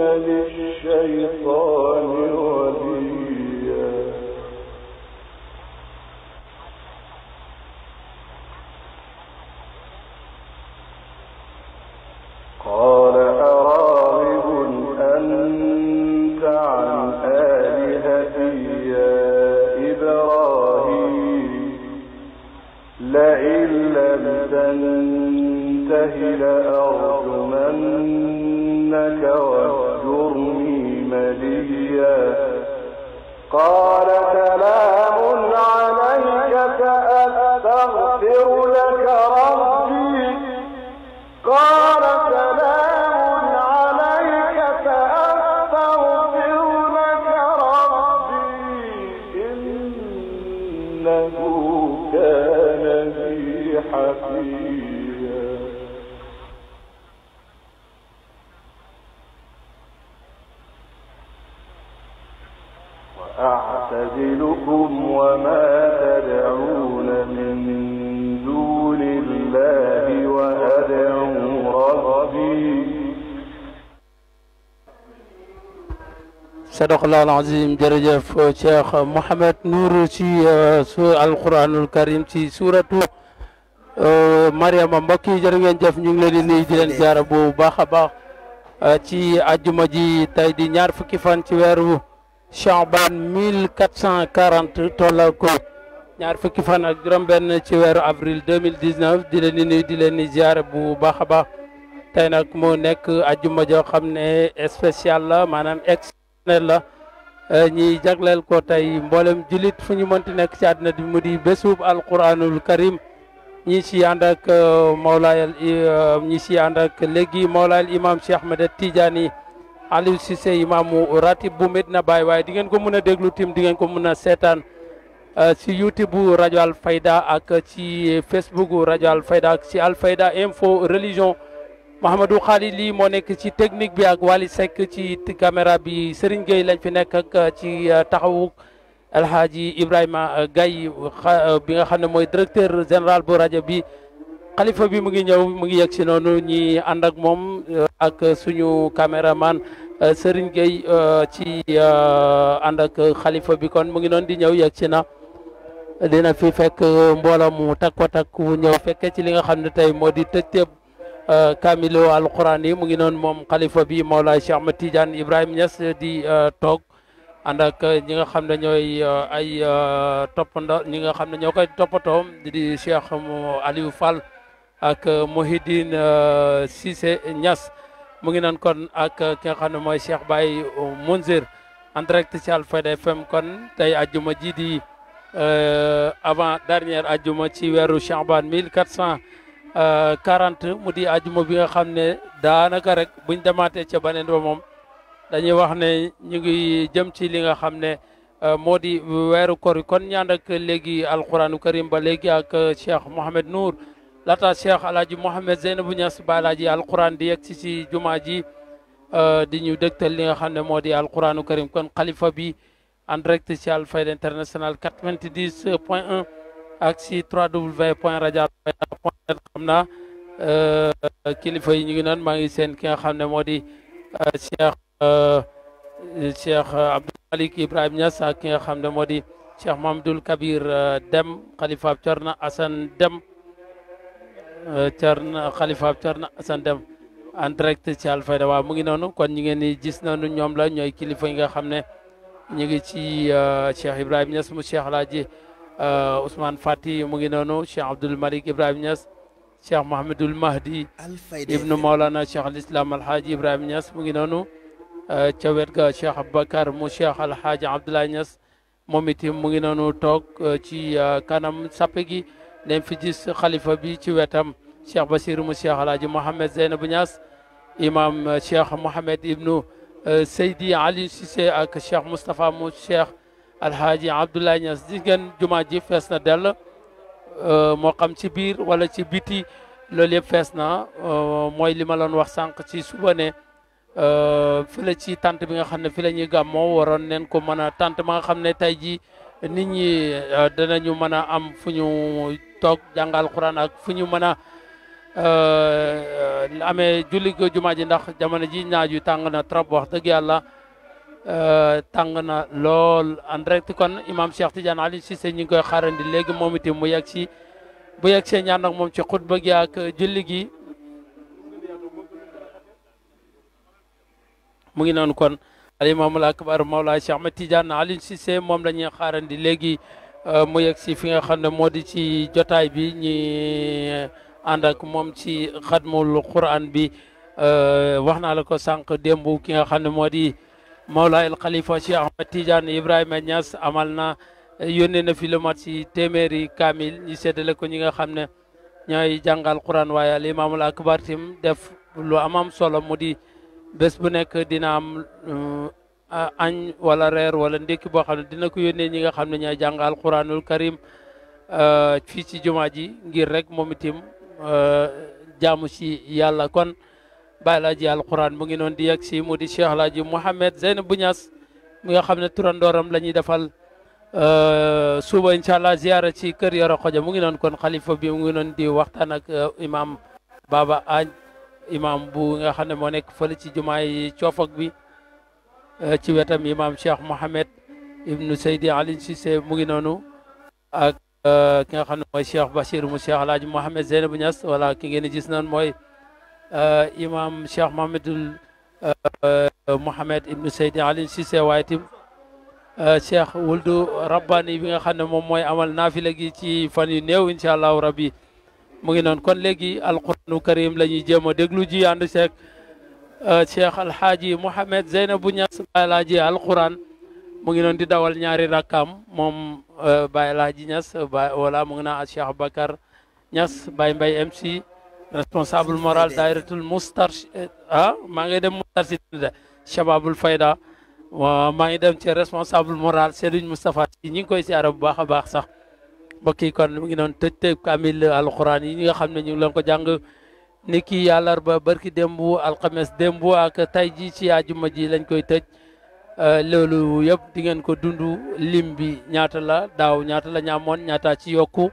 للشيطان sadaqallaahu al-aziim jërëjëf Cheikh Mouhamed Nour ci euh, su alquranul karim ci suuratu euh, Mariama mbokk yi jërë ngeen jëf ñu ngi leen di nuyu di leen ziara bu baax a baax euh, ci ajjuma ji tey di ñaar fukki fan ci weeru Chaban 1440 tollal ko ñaar fukki fan ak juróom-benn ci weeru avril 2019 di leen di nuyu di leen di ziara bu baax a baax. tey nag moo nekk ajjuma joo xam ne spécial la maanaam exceptionnel la Euh, ñiy jagleel ko tey mboolem jilit fu ñu mënti nekk ci àddina bi mu di bésub alquranul karim ñi si ànd ak euh, mawlaay euh, ñi si ànd ak léegi mawlaay imam Cheikh Ahmed Tidiane Aliou Cissé imaamu ratib bu Medina Baye waaye di ngeen ko mën a déglu tim di ngeen ko mën a seetaan si youtube bu rajo fayda ak ci facebook bu rajo Alfayda ak si Alfayda info religion Mouhamadou Khalili lii moo nekk ci technique bi ak Wali sek ci caméra bi Serigne Gueye lañ fi nek ak ci euh, taxawu Alhaji Ibrahima Gaye euh, bi nga xamne moy directeur général bu radio bi khalifa bi mu ngi ñew mu ngi yegg ci nonu ñi and ak mom euh, ak suñu caméraman Serigne Gueye ci and ak khalifa bi kon mu ngi non di ñew yegg ci na dina fi fekk mbolam takko takku ñew fekke ci li nga xamne tay modi kaamilo euh, alquran yi mu ngi noon moom kalifa bi Mawlaay Cheikh ma Tidiane Ibrahima Niass di euh, toog ànd ak ñi nga xam ne ñooy euh, ay toppandoo ñi nga xam ne ñoo koy toppatoo di Cheikh Aliou Fall ak Mouhidine Cissé ñas mu ngi noonu kon ak ki xam ne mooy Cheikh Baye Mounzir en direct ci Alfayda FM kon tey ajuma ji di avant dernière ajuma ci weeru Chaban 1400. 40 mu di ajuma bi nga xam ne daanaka rek buñ demaatee ca beneen ba moom dañuy wax ne ñu ngi jëm ci li nga xam ne euh, moo di weeru koor yi kon ñaan ak léegi alquranu karim ba léegi ak euh, cheikh Mohamed Nour laata cheikh alaaji Mohamed Zeynabu Ñas ba alaaji alquran di yeg si si jumaa ji euh, di ñu dëgtal li nga xam ne moo di alquranu karim kon xalifa bi en direct ci Alfayda international 90 point 1 ak si www point radialfayda point net xam euh, naa kilifa yi ñu ngi noonu maa ngi seen ki nga xam ne moo di euh, cheikh euh, cheikh Abdou Malick Ibrahima Niass ak ki nga xam ne moo di cheikh Mamadou Kabir Deme xalifaab Thierno Assane Deme Thierno xalifaab Thierno Assane Deme en direct ci Alfayda waaw mu ngi noonu kon ñu ngeen di gis noonu ñoom la ñooy kilifa yi nga xam ne ñu ngi ci cheikh Ibrahima Niass mu cheikh ji Euh, Ousmane Fati mu ngi noonu Cheikh Abdoul Malik Ibrahima Niass Cheikh Mohamadul Mahdi ibnu Maolana Cheikh al Islam Alhaaji Ibrahima mu ngi noonu euh, ca wet ga Cheikh Aboubacar mu Cheikh Alhaaji Abdoulaye Niass moom itam mu ngi noonu toog euh, ci kanam sappe gi dañ fi xalifa bi ci wetam Cheikh Basir mu Cheikh Alhaaji Mohamed Zeynabu Niass imam Cheikh Mohamed ibnu Seydi Ali Cissé ak Cheikh Moustapha mu Cheikh alxaaji Abdoulaye Niass gis jumaa ji fees na dell euh, moo xam ci biir wala ci biti loolu yëpp fees na euh, mooy li ma loon wax sànq ci suba ne euh, fi la ci tant bi nga xam ne fi la ñuy gàmmoo waroon neen ko mën a tant ma nga xam ne tey jii nit ñi danañu mën a am fu ñu toog jàngal Alxuraan ak fu ñu mën a amee julli jumaa ji ndax jamono ji naaj yu tàng na trop wax dëgg yàlla Euh, tàng na lool en direct kon imam Cheikh Tidiane Ali Cissé ñu ngi koy xaarandi léegi moom itam mu yegg si bu yegg see ñaan nag moom ci xutba gi ak julli gi mu ngi noonu kon al imaamul akbar Mawlaa Cheikh Ahmed Tidiane Ali Cissé moom la ñuy xaarandi léegi euh, mu yegg si fi nga xam ne moo di ci jotaay bi ñi ànd ak moom ci xadmul quran bi euh, wax naa la ko sànq démb ki nga xam ne moo di Mawlaay al Khalifa Cheikh Ahmed Ibrahima Niass amal na yónnee na fi lu mat si téeméeri kaamil ñi seddale ko ñi nga xam ne ñooy jàngal Quran waaye al imaamul akbar tim def lu amam solo mu di bés bu nekk dina am uh, añ wala reer wala ndékki boo xam ne dina ko yónnee ñi nga xam ne ñooy jàngal Quranul Karim uh, fii ci jumaa ji ngir rek moom itam uh, jaamu si yàlla kon bàyyi laaji alquran mu ngi noonu di yegg si mu di Cheikh Alaaji Mouhamed Zeynabou Niass mu nga xam ne turandooram la ñuy defal euh, suba incha allah ziara ci kër Yoro Xoja mu ngi noonu kon xalifa bi mu ngi noonu di waxtaan ak euh, imam Baba Agne imam bu nga xam ne moo nekk fële ci jumaa yi coofak bi euh, ci wetam imam Cheikh Mouhamed ibnu Seydi Alioune Cissé mu ngi noonu ak ki nga xam ne mooy Cheikh Bachir mu Cheikh Alaaji Mouhamed Zeynabou Niass wala ki ngeen gis noonu mooy imam Cheikh Mouhamadoul Mouhamed ibnu Seydi Alioune Cissé waaye itam Cheikh Wuldu Rabbani bi nga xam ne moom mooy amal naafila gi ci fan yu néew incha allahu rabbi mu ngi noonu kon léegi alquranu karim la ñuy jéem a déglu ji ànd seeg Cheikh Alhaaji Mouhamed Zeynabu Ñas Baay Alaaji alquran mu ngi noonu di dawal ñaari rakkaam moom Baay Alaaji Ñas ba wala mu ngi naa Cheikh Bakar Ñas Baay Mbay MC responsable moral dairatul mustar eh, ah ma ngi dem Moustarchidine da Shababul Fayda wa ma ngi dem ci responsable moral Serigne mustapha ci ñing ngi koy siyaare bu baax baax sax bokki kon ngi non tej tej kamil alquran yi nga xamne ñu leen ko jang ni ki ba barki dembu alxames dembu ak tey ji ci àjjuma ji lañ koy tej lolu yeb di ngeen ko dundu limbi ñaata la daw ñaata la ñaata ci yokku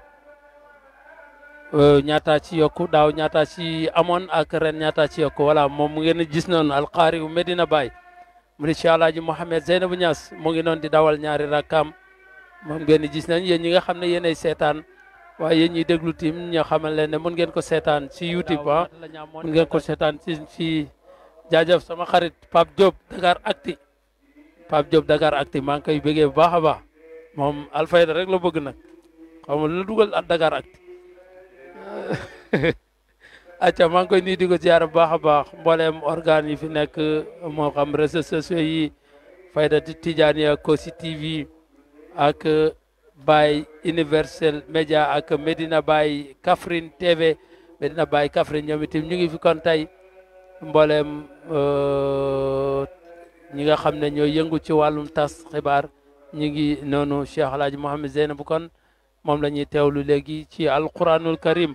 Eh, nyata ci yokku daw nyata ci amoon ak ren nyata ci yokku wala moom ngeen gis noonu alqaari u Medina bay mu di ci alaaji mohammed zainab Niass mo ngi non di dawal ñaari rakam moom ngeen gis nañ yeen ñi nga xamne yeen ay setan waaye yeen ñi deglu tim ñi xamal leen ne ngeen ko setan ci YouTube ah ngeen ko setan ci ci jajeuf sama xarit pap job Dakar Acti pap job Dakar Acti maa ngi koy bëggee ba mom al fayda rek la bëgg nak xaw lu Dakar Acti acca maa ngi koy nuyu di ko ziar bu baax a baax mbooleem organes yi fi nekk moo xam réseaux sociaux yi fayda Tidiane ak Kossy TV ak Baye Universel Média ak Medina Baye Kaffrine TV Medina Baye Kaffrine ñoom itam ñu ngi fi kon tey mbooleem euh, ñi nga xam ne ñoo yëngu ci wàllum tas xibaar ñu ngi noonu Cheikh El Hadj Mohamed Zeynab kon moom la ñuy teewlu léegi ci alquranul karim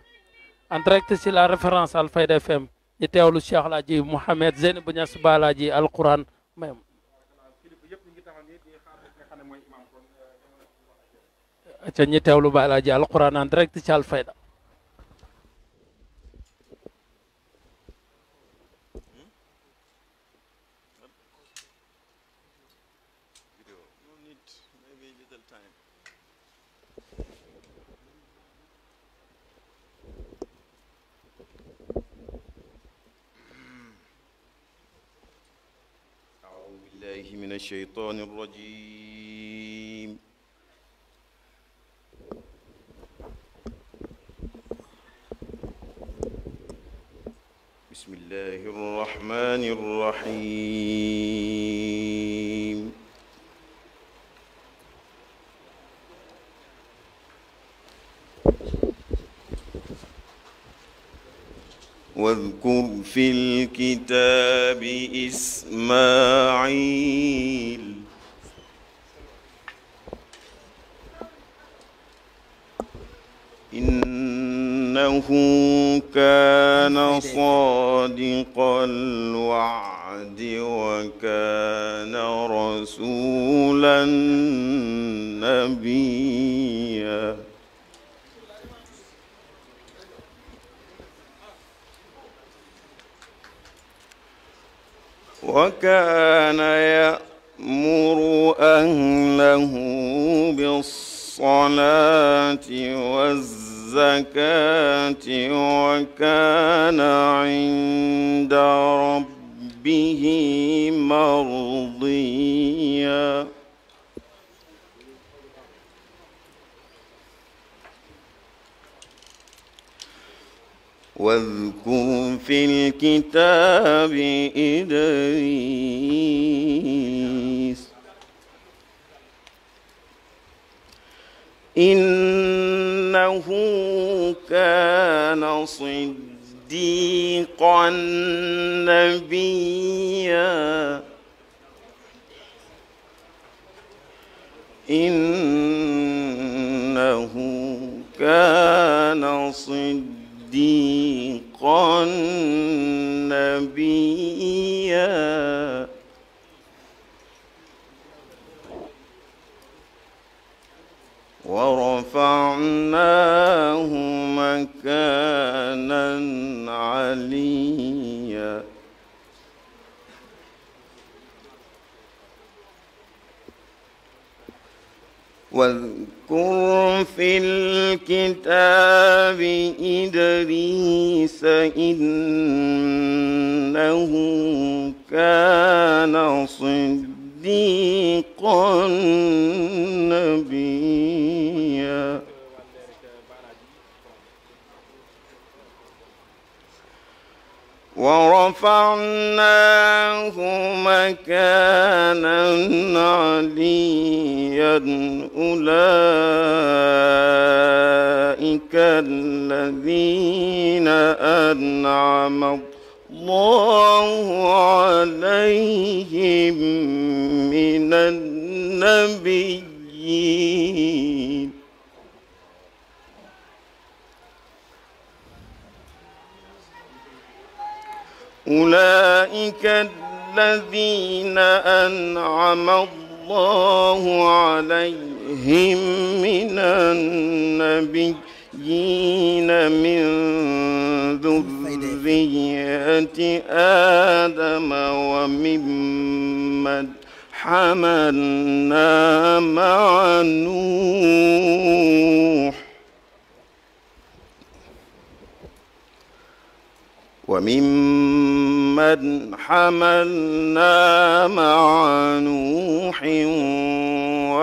en direct si la référence Alfayda FM ñu teewlu Cheikh El ji Mouhamed Zeynabou Niass Ba El Hadji alquran même. ca ñu teewlu Ba El Hadji alquran en direct si Alfayda. الشيطان الرجيم بسم الله الرحمن الرحيم واذكر في الكتاب إسماعيل إنه كان صادق الوعد وكان رسولا نبيا وكان يأمر أهله بالصلاة والزكاة وكان عند ربه مرضياً واذكر في الكتاب إدريس إنه كان صديقا نبيا إنه كان صديقا صديقا نبيا ورفعناه مكانا عليا واذكر واذكر في الكتاب إدريس إنه كان صديقا نبيا ورفعناه مكانا عليا أولئك الذين أنعم الله عليهم من النبيين أولئك الذين أنعم الله عليهم من النبيين من ذرية آدم وممن حملنا مع نوح وممن حملنا مع نوح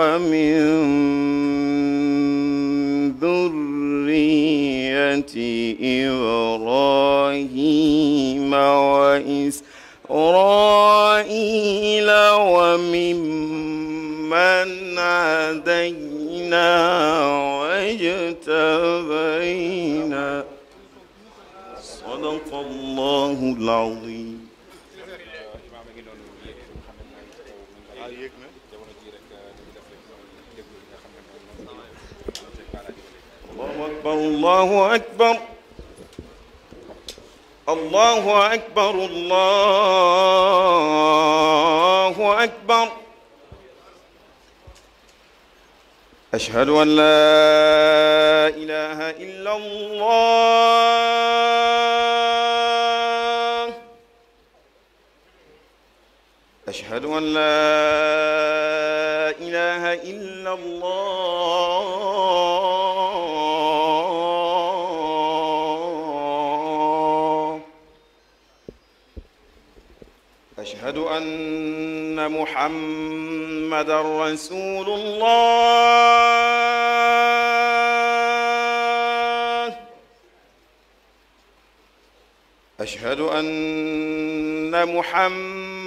ومن ذرية إبراهيم وإسرائيل وممن هدينا واجتبينا صدق الله العظيم الله أكبر الله أكبر الله أكبر الله أكبر أشهد أن لا إله إلا الله أشهد ان لا اله الا الله اشهد ان محمدا رسول الله اشهد ان محمد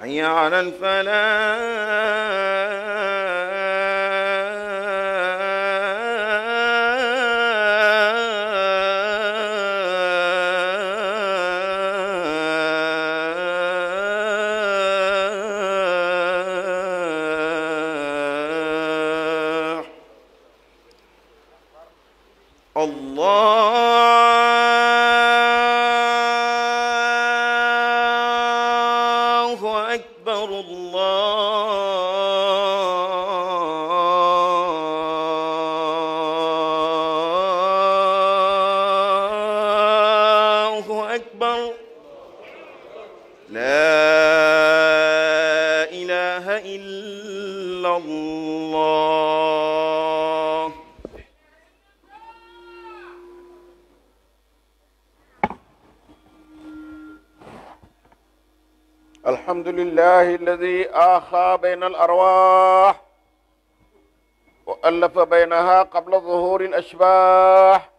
حي على الفلاح الذي آخى بين الأرواح وألف بينها قبل ظهور الأشباح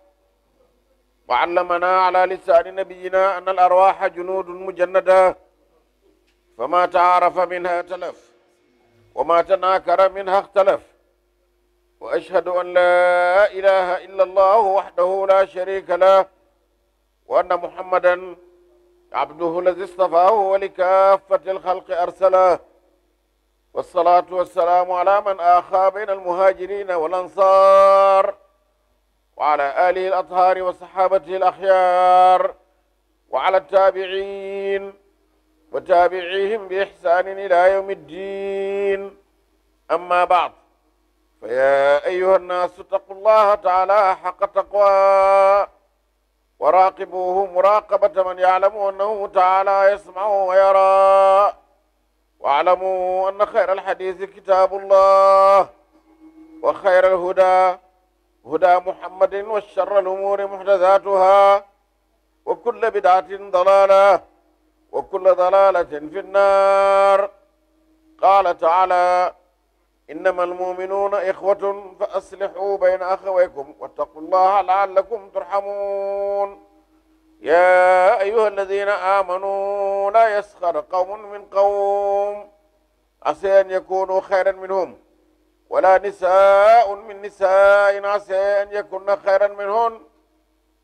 وعلمنا على لسان نبينا أن الأرواح جنود مجندة فما تعارف منها تلف وما تناكر منها اختلف وأشهد أن لا إله إلا الله وحده لا شريك له وأن محمدًا عبده الذي اصطفاه ولكافة الخلق أرسله والصلاة والسلام على من آخى بين المهاجرين والأنصار وعلى آله الأطهار وصحابته الأخيار وعلى التابعين وتابعيهم بإحسان إلى يوم الدين أما بعد فيا أيها الناس اتقوا الله تعالى حق تقواه وراقبوه مراقبة من يعلم أنه تعالى يسمع ويرى واعلموا أن خير الحديث كتاب الله وخير الهدى هدى محمد والشر الأمور محدثاتها وكل بدعة ضلالة وكل ضلالة في النار قال تعالى إنما المؤمنون إخوة فأصلحوا بين أخويكم واتقوا الله لعلكم ترحمون يا أيها الذين آمنوا لا يسخر قوم من قوم عسى أن يكونوا خيرا منهم ولا نساء من نساء عسى أن يكون خيرا منهن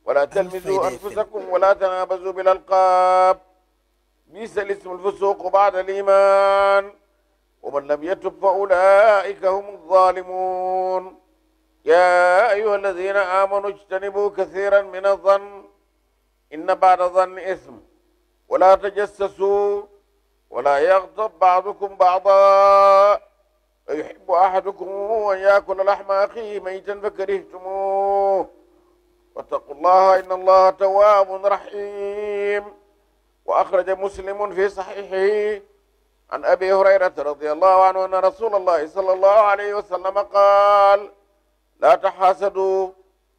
ولا تلمزوا أنفسكم ولا تنابزوا بالألقاب بئس الاسم الفسوق بعد الإيمان ومن لم يتب فأولئك هم الظالمون يا أيها الذين آمنوا اجتنبوا كثيرا من الظن إن بعد الظن إثم ولا تجسسوا ولا يغضب بعضكم بعضا يحب أحدكم أن يأكل لحم أخيه ميتا فكرهتموه واتقوا الله إن الله تواب رحيم وأخرج مسلم في صحيحه عن أبي هريرة رضي الله عنه أن رسول الله صلى الله عليه وسلم قال لا تحاسدوا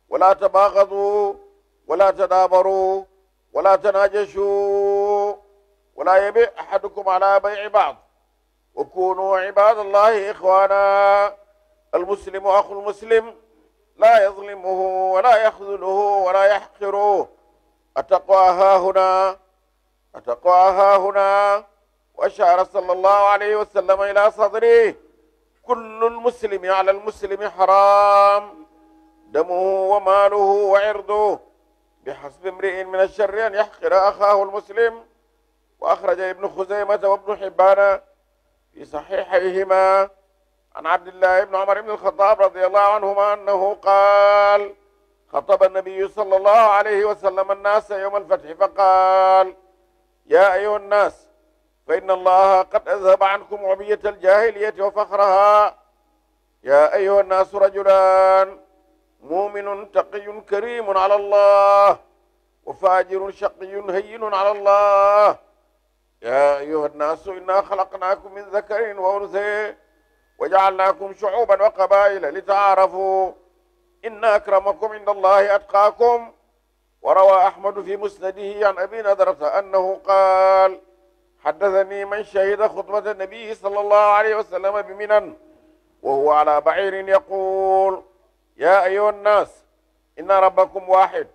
ولا تباغضوا ولا تدابروا ولا تناجشوا ولا يبيع أحدكم على بيع بعض وكونوا عباد الله إخوانا المسلم أخو المسلم لا يظلمه ولا يخذله ولا يحقره التقوى ها هنا التقوى ها هنا وأشار صلى الله عليه وسلم إلى صدره كل المسلم على المسلم حرام دمه وماله وعرضه بحسب امرئ من الشر أن يحقر أخاه المسلم وأخرج ابن خزيمة وابن حبان في صحيحيهما عن عبد الله بن عمر بن الخطاب رضي الله عنهما أنه قال خطب النبي صلى الله عليه وسلم الناس يوم الفتح فقال يا أيها الناس فإن الله قد أذهب عنكم عبية الجاهلية وفخرها يا أيها الناس رجلان مؤمن تقي كريم على الله وفاجر شقي هين على الله يا أيها الناس إنا خلقناكم من ذكر وأنثى وجعلناكم شعوبا وقبائل لتعارفوا إن أكرمكم عند الله أتقاكم وروى أحمد في مسنده عن أبي نذرة أنه قال حدثني من شهد خطبة النبي صلى الله عليه وسلم بمنى وهو على بعير يقول يا أيها الناس إن ربكم واحد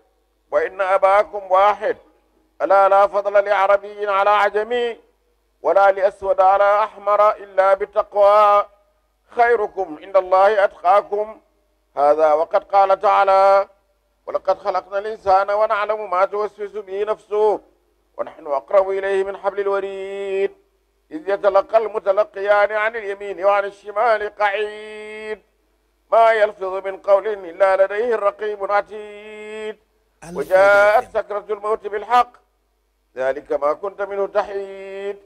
وإن أباكم واحد ألا لا فضل لعربي على عجمي ولا لأسود على أحمر إلا بتقوى خيركم عند الله أتقاكم هذا وقد قال تعالى ولقد خلقنا الإنسان ونعلم ما توسوس به نفسه ونحن أقرب إليه من حبل الوريد إذ يتلقى المتلقيان عن اليمين وعن الشمال قعيد ما يلفظ من قول إلا لديه رقيب عتيد وجاءت سكرة الموت بالحق ذلك ما كنت منه تحيد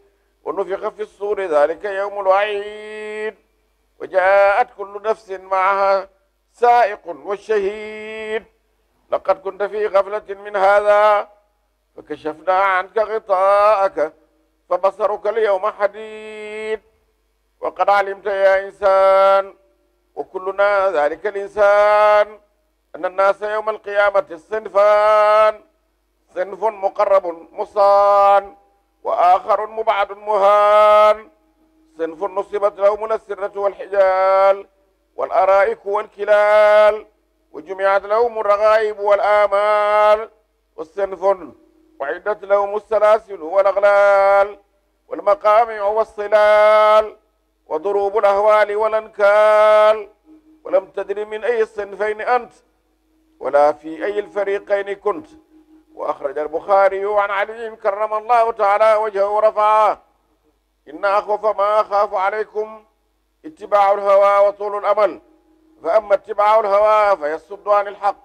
ونفخ في الصور ذلك يوم الوعيد وجاءت كل نفس معها سائق والشهيد لقد كنت في غفلة من هذا فكشفنا عنك غطاءك فبصرك اليوم حديد وقد علمت يا إنسان وكلنا ذلك الإنسان أن الناس يوم القيامة الصنفان صنف مقرب مصان وآخر مبعد مهان صنف نصبت لهم السرة والحجال والأرائك والكلال وجمعت لهم الرغائب والآمال والصنف وعدت لهم السلاسل والأغلال والمقامع والصلال وضروب الأهوال والأنكال ولم تدري من أي الصنفين أنت ولا في أي الفريقين كنت وأخرج البخاري عن علي كرم الله تعالى وجهه ورفعه إن أخوف ما أخاف عليكم اتباع الهوى وطول الأمل فأما اتباع الهوى فيصد عن الحق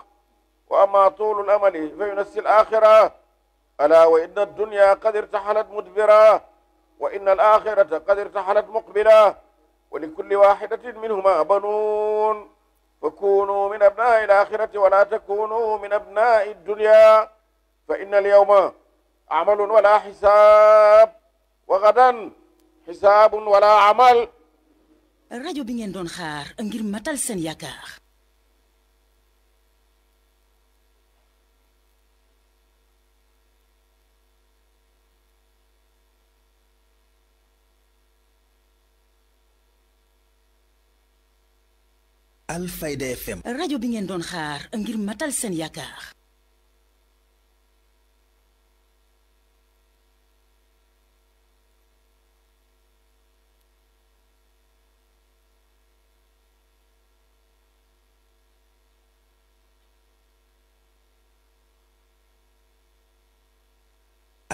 وأما طول الأمل فينسي الآخرة ألا وإن الدنيا قد ارتحلت مدبرة وإن الآخرة قد ارتحلت مقبلة ولكل واحدة منهما بنون فكونوا من أبناء الآخرة ولا تكونوا من أبناء الدنيا فإن اليوم عمل ولا حساب وغدا حساب ولا عمل الرجل بين دون خار انجر متل matal seen Alfayda FM. rajo bi ngeen doon xaar ngir matal seen yaakaar.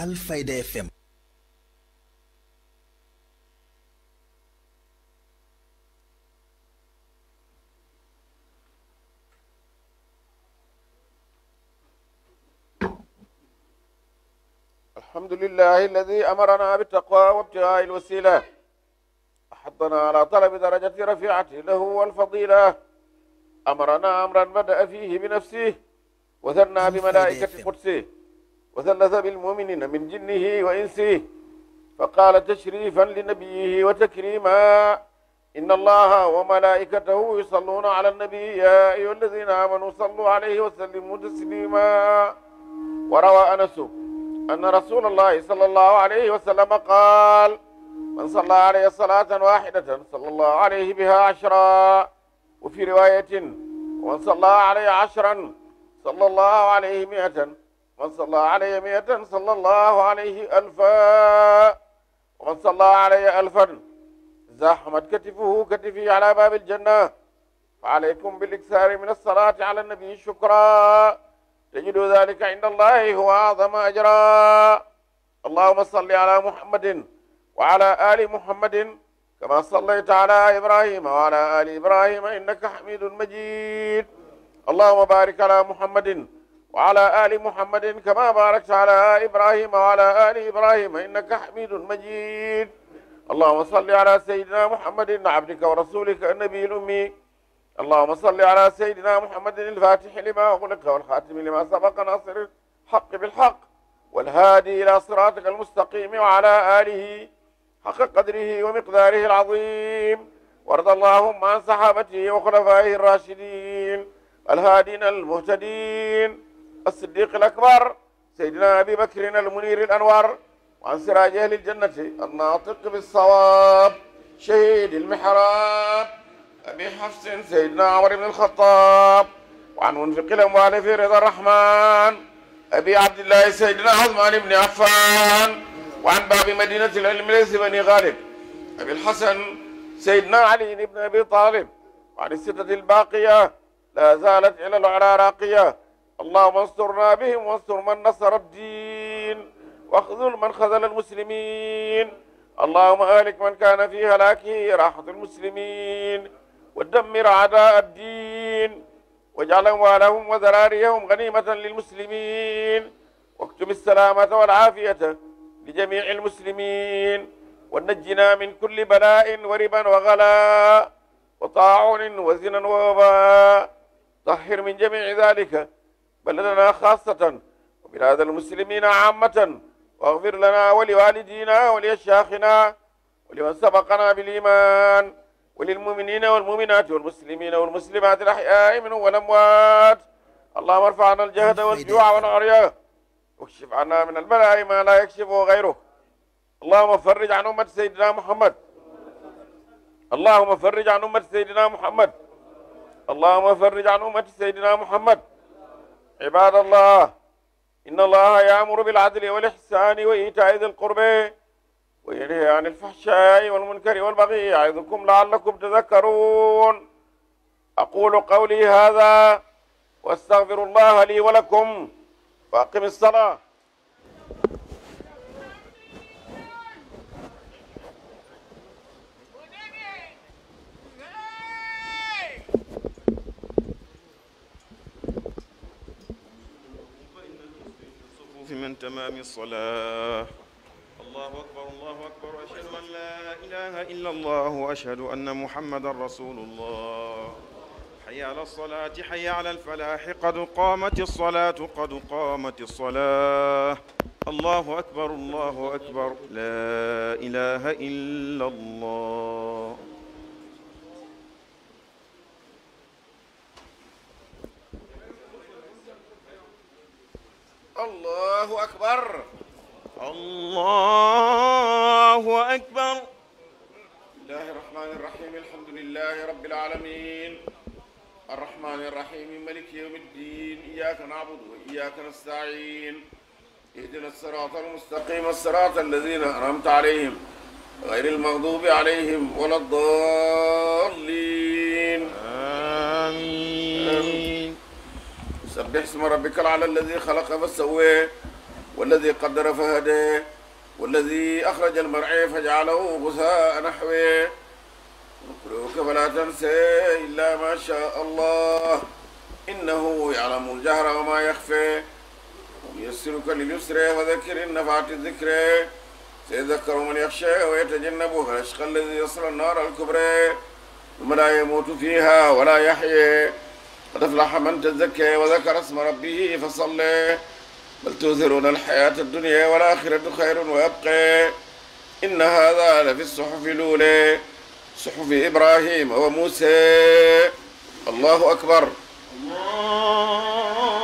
Alfayda FM. الحمد لله الذي أمرنا بالتقوى وابتغاء الوسيلة أحضنا على طلب درجة رفيعة له والفضيلة أمرنا أمرا بدأ فيه بنفسه وثنى بملائكة قدسه وثلث بالمؤمنين من جنه وإنسه فقال تشريفا لنبيه وتكريما إن الله وملائكته يصلون على النبي يا أيها الذين آمنوا صلوا عليه وسلموا تسليما وروى أنس أن رسول الله صلى الله عليه وسلم قال من صلى علي صلاة واحدة صلى الله عليه بها عشرا وفي رواية ومن صلى علي عشرا صلى الله عليه مئة ومن صلى علي مئة صلى الله عليه ألفا ومن صلى علي ألفا زحمت كتفه كتفي على باب الجنة فعليكم بالإكثار من الصلاة على النبي شكرا تجد ذلك عند الله هو أعظم أجرا اللهم صل على محمد وعلى آل محمد كما صليت على إبراهيم وعلى آل إبراهيم إنك حميد مجيد اللهم بارك على محمد وعلى آل محمد كما باركت على إبراهيم وعلى آل إبراهيم إنك حميد مجيد اللهم صل على سيدنا محمد عبدك ورسولك النبي الأمي اللهم صل على سيدنا محمد الفاتح لما أغلق والخاتم لما سبق ناصر الحق بالحق والهادي إلى صراطك المستقيم وعلى آله حق قدره ومقداره العظيم وارض اللهم عن صحابته وخلفائه الراشدين الهادين المهتدين الصديق الأكبر سيدنا أبي بكر المنير الأنوار وعن سراج أهل الجنة الناطق بالصواب شهيد المحراب أبي حفص سيدنا عمر بن الخطاب وعن منفق الأموال في رضا الرحمن أبي عبد الله سيدنا عثمان بن عفان وعن باب مدينة العلم ليس بني غالب أبي الحسن سيدنا علي بن أبي طالب وعن الستة الباقية لا زالت إلى العراقية راقية اللهم انصرنا بهم وانصر من نصر الدين واخذل من خذل المسلمين اللهم هالك من كان في هلاكه راحة المسلمين ودمر عداء الدين واجعل وآلهم وذراريهم غنيمة للمسلمين واكتب السلامة والعافية لجميع المسلمين ونجنا من كل بلاء وربا وغلاء وطاعون وزنا ووباء طهر من جميع ذلك بلدنا خاصة وبلاد المسلمين عامة واغفر لنا ولوالدينا ولأشياخنا ولمن سبقنا بالإيمان وللمؤمنين والمؤمنات والمسلمين والمسلمات الأحياء منهم والأموات اللهم ارفع عنا الجهد والجوع والعريا واكشف عنا من البلاء ما لا يكشفه غيره اللهم فرج عن أمة سيدنا محمد اللهم فرج عن أمة سيدنا محمد اللهم فرج عن أمة سيدنا محمد عباد الله إن الله يأمر بالعدل والإحسان وإيتاء ذي القربى وينهي عن يعني الفحشاء والمنكر والبغي يعظكم لعلكم تذكرون أقول قولي هذا واستغفر الله لي ولكم وأقم الصلاة من تمام الصلاه الله أكبر الله أكبر أشهد أن لا إله إلا الله وأشهد أن محمدا رسول الله حي على الصلاة حي على الفلاح قد قامت الصلاة قد قامت الصلاة الله أكبر الله أكبر لا إله إلا الله الصراط المستقيم الصراط الذين أنعمت عليهم غير المغضوب عليهم ولا الضالين آمين سبح اسم ربك العلى الذي خلق فسواه والذي قدر فهداه والذي أخرج المرعى فجعله غثاء نحوه نقرئك فلا تنسى إلا ما شاء الله إنه يعلم الجهر وما يخفي ويسرك لليسرى وذكر النفعة الذكرى سيذكر من يخشى ويتجنبها الأشقى الذي يصل النار الكبرى ثم لا يموت فيها ولا يحيى قد أفلح من تزكى وذكر اسم ربه فصلى بل تؤثرون الحياة الدنيا والآخرة خير ويبقى إن هذا لفي الصحف الأولى صحف إبراهيم وموسى الله أكبر الله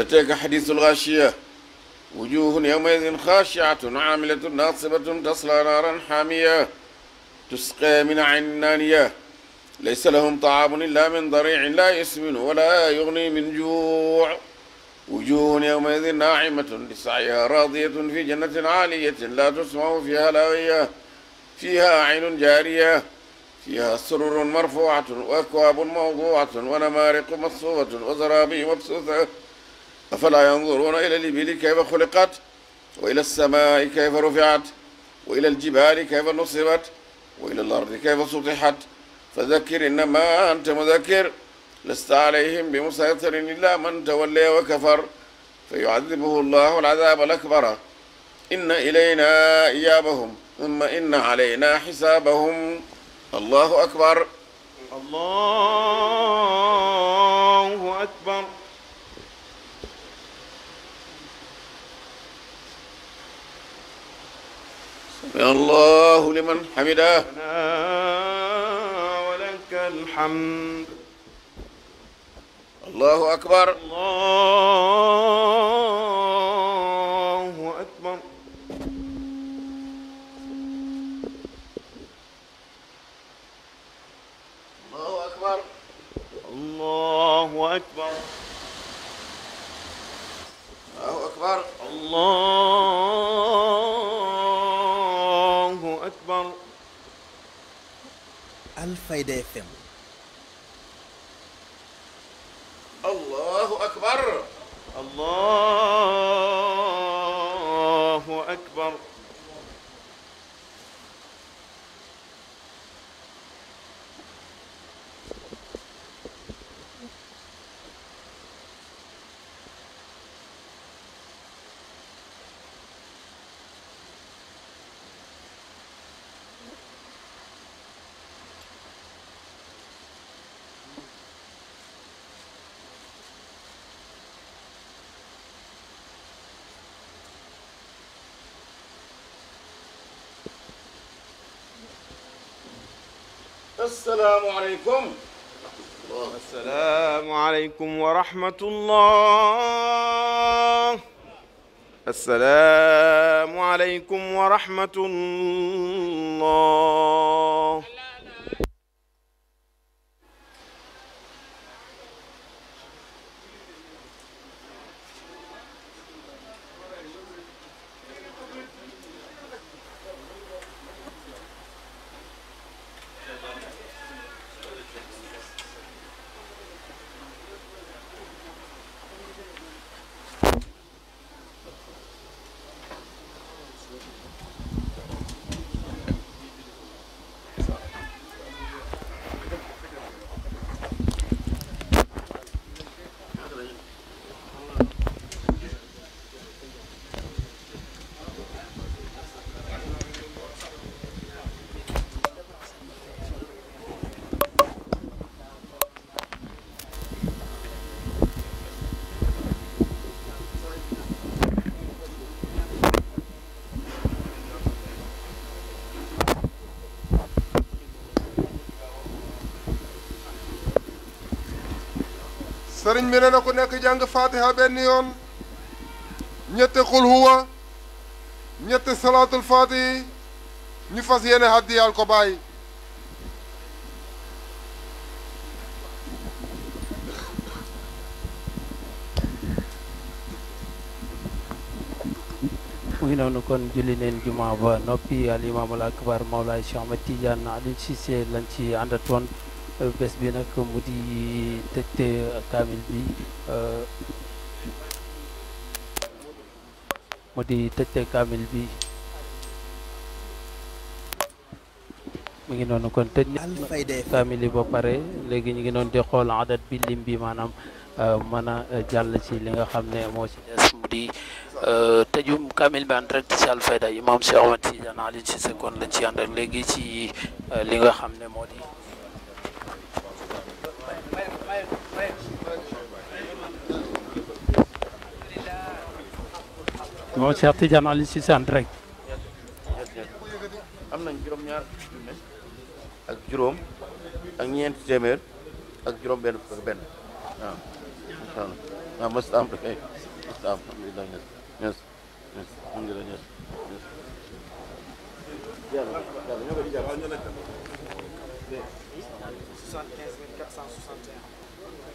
لتلك حديث الغاشية وجوه يومئذ خاشعة عاملة ناصبة تصلى نارا حامية تسقى من عين نانية ليس لهم طعام إلا من ضريع لا يسمن ولا يغني من جوع وجوه يومئذ ناعمة لسعيها راضية في جنة عالية لا تسمع فيها لاغية فيها عين جارية فيها سرر مرفوعة وأكواب موضوعة ونمارق مصفوفة وزرابي مبسوثة أفلا ينظرون إلى الإبل كيف خلقت وإلى السماء كيف رفعت وإلى الجبال كيف نصبت وإلى الأرض كيف سطحت فذكر إنما أنت مذكر لست عليهم بمسيطر إلا من تولي وكفر فيعذبه الله العذاب الأكبر إن إلينا إيابهم ثم إن علينا حسابهم الله أكبر الله أكبر يا الله لمن حمده ولك الحمد الله أكبر الله أكبر الله أكبر الله أكبر الله أكبر الله Alfayda FM Allahu akbar Allah السلام عليكم السلام عليكم ورحمة الله السلام عليكم ورحمة الله سرين ميرنا كنا كجانغ فاتحة بنيون نيت كل هو نيت صلاة الفاتي نفاس ين هدي الكباي وهنا نكون جلين جماعة نبي الإمام الأكبر مولاي شامتي جان علي سيسي لنتي أندرتون bés bi nag mu di tëjte kaamil bi euh, mu di tëjte kaamil bi mu ngi noonu kon tëj kaamil yi ba pare léegi ñu ngi noonu di xool adat bi lim bi maanaam euh, mën a jàll ci li nga xam ne moo ci mu di euh, tëjum kaamil bi en direct ci Alfayda imam Cheikh Ahmed Tidiane Alioune Cissé kon lañ ci ànd ak léegi ci li nga xam ne moo di moom Cheikh Tidiane Aliou Cissé sant rek. am nañ ñaar ak juróom ak ñeenti téeméer ak juróom benn fukk allah waaw am kay mos Yes. alhamdulilah ñes ñes ñes alhamdulilah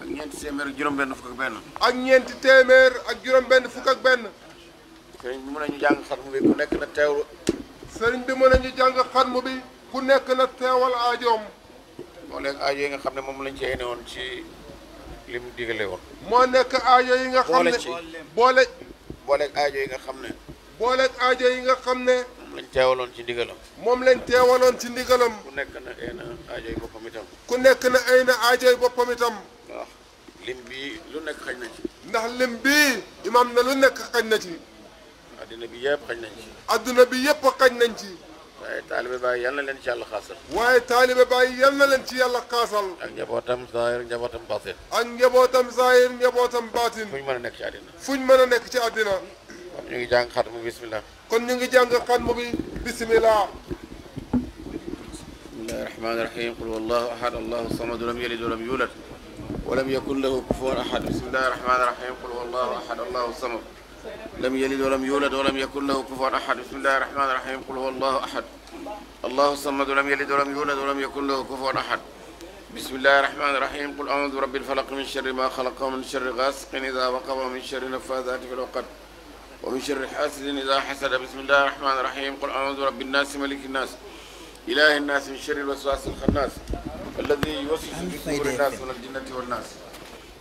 ak ñeenti téeméer ak juróom-benn fukk ak benn. ak ñeenti téeméer ak juróom-benn fukk ak benn. sëriñ bi mën nañu jàng xatmu bi ku nekk na teewlu. sëriñ bi mën nañu jàng xatmu bi ku nekk na teewal aajoom. moo nekk yi nga xam ne moom lañ ci yéene woon ci li mu woon. moo nekk aajo yi nga. xam ne boole ci boole. booleeg aajo yi nga xam ne. booleeg aajo yi nga xam ne. lañ teewaloon ci ndigalam. moom lañ teewaloon ci ndigalam. ku nekk na ay na aajo lim bi lu nekk xaj na ci. ndax lim imam na lu nekk xaj na ci. adduna bi yëpp xaj nañ ci. adduna bi yëpp xaj nañ ci. waaye taalibe baay yal na leen ci yàlla xaasal. waaye taalibe baay yal na leen ci yàlla xaasal. ak njabootam zaahir njabootam baatin. ak njabootam zaahir njabootam baatin. fuñ mën a ci àddina. fuñ mën a ci àddina. ñu ngi jàng xatmu bismillah. kon ñu ngi jàng xatmu bi bismillah. bismillahi rahmaani rahim qul wallahu ahad allahu samad lam yalid walam yulad ولم يكن له كفوا أحد بسم الله الرحمن الرحيم قل هو الله أحد الله الصمد لم يلد ولم يولد ولم يكن له كفوا أحد بسم الله الرحمن الرحيم قل هو الله أحد الله الصمد لم يلد ولم يولد ولم يكن له كفوا أحد بسم الله الرحمن الرحيم قل أعوذ برب الفلق من شر ما خلق ومن شر غاسق إذا وقب ومن شر نفاذات في العقد ومن شر حاسد إذا حسد بسم الله الرحمن الرحيم قل أعوذ برب الناس ملك الناس إله الناس من شر الوسواس الخناس الذي يوسوس في الناس من الجنة والناس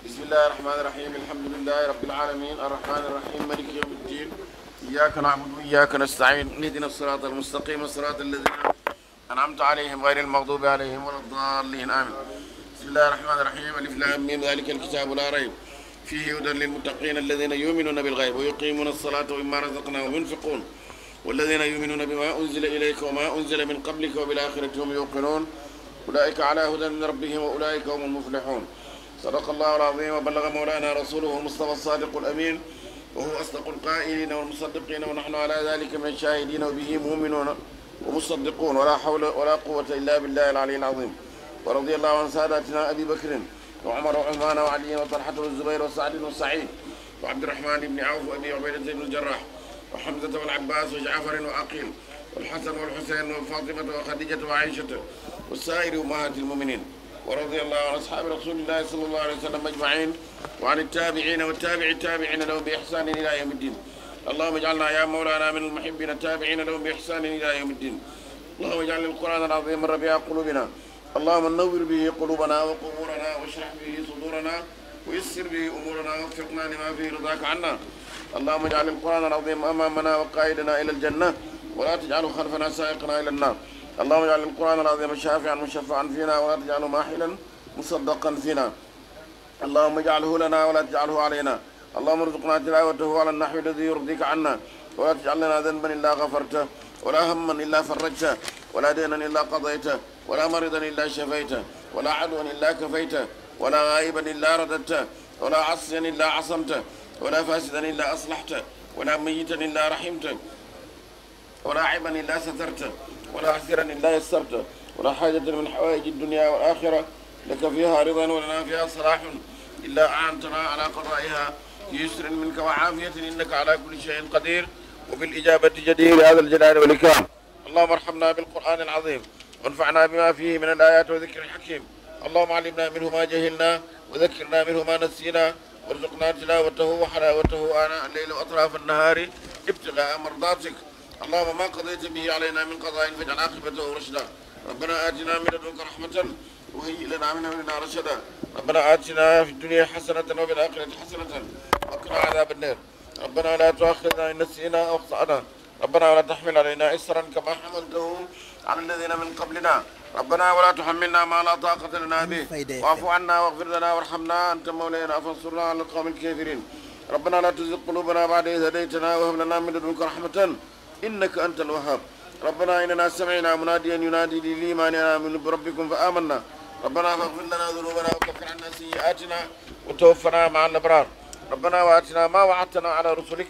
بسم الله الرحمن الرحيم الحمد لله رب العالمين الرحمن الرحيم ملك يوم الدين إياك نعبد وإياك نستعين اهدنا الصراط المستقيم الصراط الذين أنعمت عليهم غير المغضوب عليهم ولا الضالين آمين بسم الله الرحمن الرحيم ألف لام ميم ذلك الكتاب لا ريب فيه هدى للمتقين الذين يؤمنون بالغيب ويقيمون الصلاة ومما رزقناهم ينفقون والذين يؤمنون بما أنزل إليك وما أنزل من قبلك وبالآخرة هم يوقنون أولئك على هدى من ربهم وأولئك هم المفلحون صدق الله العظيم وبلغ مولانا رسوله المصطفى الصادق الأمين وهو أصدق القائلين والمصدقين ونحن على ذلك من الشاهدين وبه مؤمنون ومصدقون ولا حول ولا قوة إلا بالله العلي العظيم ورضي الله عن ساداتنا أبي بكر وعمر وعثمان وعلي وطلحة والزبير وسعد وسعيد وعبد الرحمن بن عوف وأبي عبيدة بن الجراح وحمزة والعباس وجعفر وعقيل والحسن والحسين وفاطمة وخديجة وعائشة والسائر أمهات المؤمنين ورضي الله عن أصحاب رسول الله صلى الله عليه وسلم أجمعين وعن التابعين والتابع التابعين لهم بإحسان إلى يوم الدين اللهم اجعلنا يا مولانا من المحبين التابعين لهم بإحسان إلى يوم الدين اللهم اجعل القرآن العظيم ربيع قلوبنا اللهم نور به قلوبنا وقبورنا واشرح به صدورنا ويسر به أمورنا وفقنا لما فيه رضاك عنا اللهم اجعل القرآن العظيم أمامنا وقائدنا إلى الجنة ولا تجعله خلفنا سائقنا إلى النار اللهم اجعل القرآن العظيم شافعا مشفعا فينا ولا تجعله ماحلا مصدقا فينا اللهم اجعله لنا ولا تجعله علينا اللهم ارزقنا تلاوته على النحو الذي يرضيك عنا ولا تجعل لنا ذنبا إلا غفرته ولا هما إلا فرجته ولا دينا إلا قضيته ولا مريضا إلا شفيته ولا عدوا إلا كفيته ولا غائبا إلا رددته ولا عصيا إلا عصمته ولا فاسدا إلا أصلحته ولا ميتا إلا رحمته ولا عيبا إلا سترت ولا حسرا إلا يسرت ولا حاجة من حوائج الدنيا والآخرة لك فيها رضا ولنا فيها صلاح إلا أعنتنا على قضائها يسر منك وعافية إنك على كل شيء قدير وبالإجابة جدير هذا الجلال والإكرام اللهم ارحمنا بالقرآن العظيم وانفعنا بما فيه من الآيات وذكر الحكيم اللهم علمنا منه ما جهلنا وذكرنا منه ما نسينا وارزقنا تلاوته وحلاوته آناء الليل وأطراف النهار ابتغاء مرضاتك اللهم ما قضيت به علينا من قضاء فاجعل عاقبته رشدا ربنا آتنا من لدنك رحمة وهيئ لنا من أمرنا رشدا ربنا آتنا في الدنيا حسنة وفي الآخرة حسنة وقنا عذاب النار ربنا لا تؤاخذنا إن نسينا أو أخطأنا ربنا ولا تحمل علينا إسرا كما حملته على الذين من قبلنا ربنا ولا تحملنا ما لا طاقة لنا به واعف عنا واغفر لنا وارحمنا أنت مولانا فانصرنا على القوم الكافرين ربنا لا تزغ قلوبنا بعد إذ هديتنا وهب لنا من لدنك رحمة إنك أنت الوهاب ربنا إننا سمعنا مناديا ينادي للإيمان آمنوا بربكم فآمنا ربنا فاغفر لنا ذنوبنا وكفر عنا سيئاتنا وتوفنا مع الأبرار ربنا وآتنا ما وعدتنا على رسلك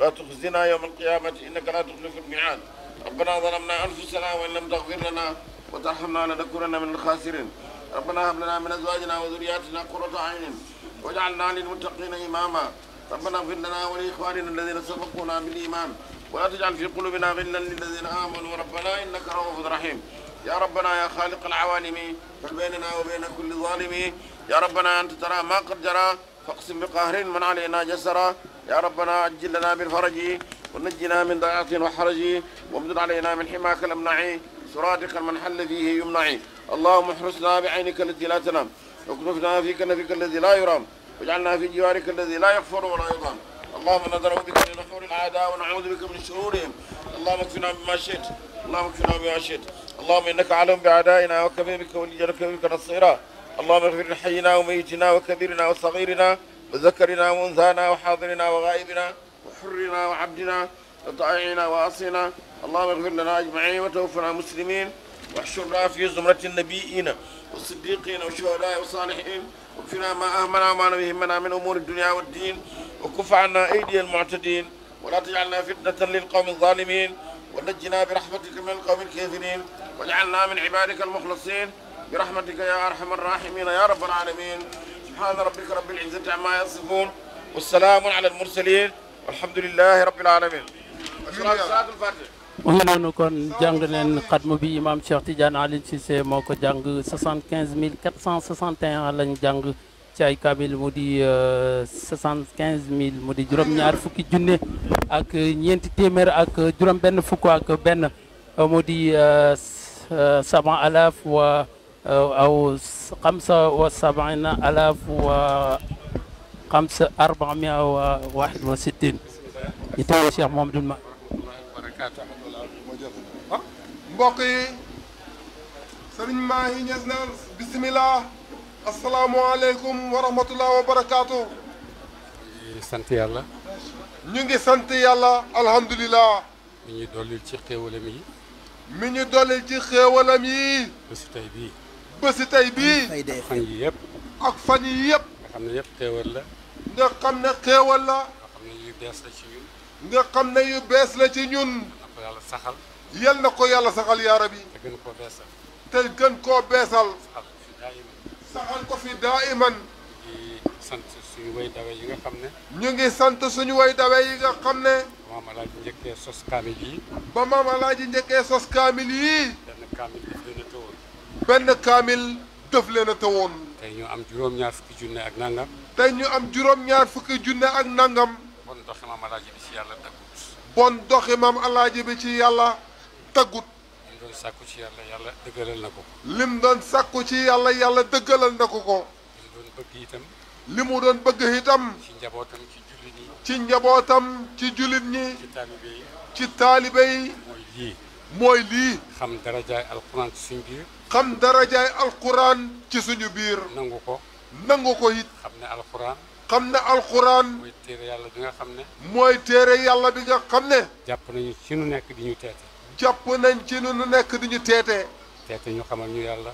لا تخزنا يوم القيامة إنك لا تخلف الميعاد ربنا ظلمنا أنفسنا وإن لم تغفر لنا وترحمنا لنكونن من الخاسرين ربنا هب لنا من أزواجنا وذرياتنا قرة أعين واجعلنا للمتقين إماما ربنا اغفر لنا ولإخواننا الذين سبقونا بالإيمان ولا تجعل في قلوبنا غلا للذين آمنوا ربنا إنك رؤوف رحيم يا ربنا يا خالق العوالم بل بيننا وبين كل ظالم يا ربنا أنت ترى ما قد جرى فاقسم بقهر من علينا جسرا يا ربنا عجل لنا بالفرج ونجنا من ضيعة وحرج وامدد علينا من حماك الأمنع سرادق المنحل فيه يمنع اللهم احرسنا بعينك التي لا تنام واكتفنا في كنفك الذي لا يرام واجعلنا في جوارك الذي لا يغفر ولا يضام اللهم انا نذره بك من نحور العداء ونعوذ بك من شرورهم اللهم اكفنا بما شئت اللهم اكفنا بما شئت اللهم انك عالم باعدائنا وكفى بك وليا وكفى بك نصيرا اللهم اغفر لحينا وميتنا وكبيرنا وصغيرنا وذكرنا وانثانا وحاضرنا وغائبنا وحرنا وعبدنا وطائعنا واصينا اللهم اغفر لنا اجمعين وتوفنا مسلمين واحشرنا في زمرة النبيين والصديقين والشهداء والصالحين واكفنا ما أهمنا وما نهمنا من أمور الدنيا والدين وكف عنا أيدي المعتدين ولا تجعلنا فتنة للقوم الظالمين ونجنا برحمتك من القوم الكافرين واجعلنا من عبادك المخلصين برحمتك يا أرحم الراحمين يا رب العالمين سبحان ربك رب العزة عما يصفون والسلام على المرسلين والحمد لله رب العالمين الفاتح mu noonu kon jàng leen xatmu bi imam Cheikh Tidiane Alioune Cissé moo ko jàng 75 461 lañ jàng ci ay kaamil mu di 75000 mu di juróom-ñaar fukki junne ak ñeenti téeméer ak juróom-benn fukk ak benn mu di saba alaf wa aw xamsa wa sabaina alaf wa خمسة أربعمائة وواحد وستين يتوى الشيخ محمد المهدي mbokk yi sëriñ Mahi Niass na bisimilah asalaamualeykum wa rahmatulah wa barakaatu. sant yàlla. ñu ngi sant yàlla alhamdulilah. mi ñu dollil ci xéwalam yi. mi ñu dollil ci xéwalam yi. bési tey bii. bési tey bii. ak fan yi yëpp. ak fan yi yëpp. nga xam ne yëpp xéwal la. nga xam ne xéwal la. nga xam ne yu bees la ci ñun. nga xam ne yu bees la ci ñun. yàlla saxal. yal na ko yàlla saxal yaa rabi. te gën koo beesal. te gën koo beesal. saxal ko fi daa'iman. ñu ngi sant suñu way dawe yi nga xam ne. ñu ngi sant suñu way dawe yi nga xam ne. ba maam alaaji njëkkee sos kaamil yi. ba maam alaaji njëkkee sos kaamil yi. benn kaamil daf leen a tawoon. benn kaamil daf leen a tawoon. tey ñu am juróom-ñaar fukki junne ak nangam. tey ñu am juróom-ñaar fukki junne ak nangam. bon doxi maam alaaji bi ci yàlla dëggut. bon doxi maam alaaji bi ci yàlla. taggut lim doon sàkku ci yàlla yàlla dëggalal na ko lim doon sàkku ci yàlla yàlla dëggalal na ko ko lim doon bëgg itam li mu doon bëgg itam ci njabootam ci jullit ñi ci njabootam ci jullit ñi ci taalibe yi yi mooy lii mooy lii xam darajaay alquran ci suñu biir xam darajaay alquran ci suñu biir nangu ko nangu ko it xam ne alquran xam ne alquran mooy téere yàlla bi nga xam ne mooy téere yàlla bi nga ne jàpp nañu ci nu nekk di ñu teete jàpp nañ ci lu nu nekk di ñu teetee. teete ñu xamal ñu yàlla.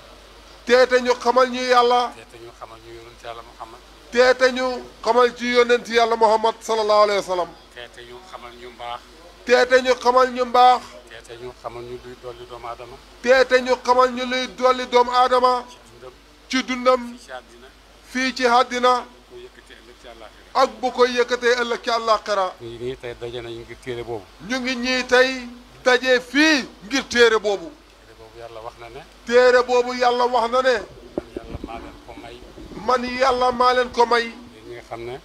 teete ñu xamal ñu yàlla. teete ñu xamal ñu yonent yàlla Muhammad. teete ñu xamal ci yonent yàlla Muhammad sallallahu alayhi wa sallam. teete ñu xamal ñu mbaax. teete ñu xamal ñu mbaax. teete ñu xamal ñu luy dolli doomu aadama. teete ñu xamal ñu luy dolli doomu aadama. ci dundam ci fii ci àddina. ak bu koy yëkkatee ëllëg ci àllaaxira. ñu ngi ñii tey daje nañ ngir téere boobu. ñu ngi ñii tey. daje fii ngir téere boobu. téere boobu yàlla wax na ne. téere boobu yàlla wax na ne. man yàlla maa leen ko may. man yàlla maa leen ko may. yéen ñi nga xam ne.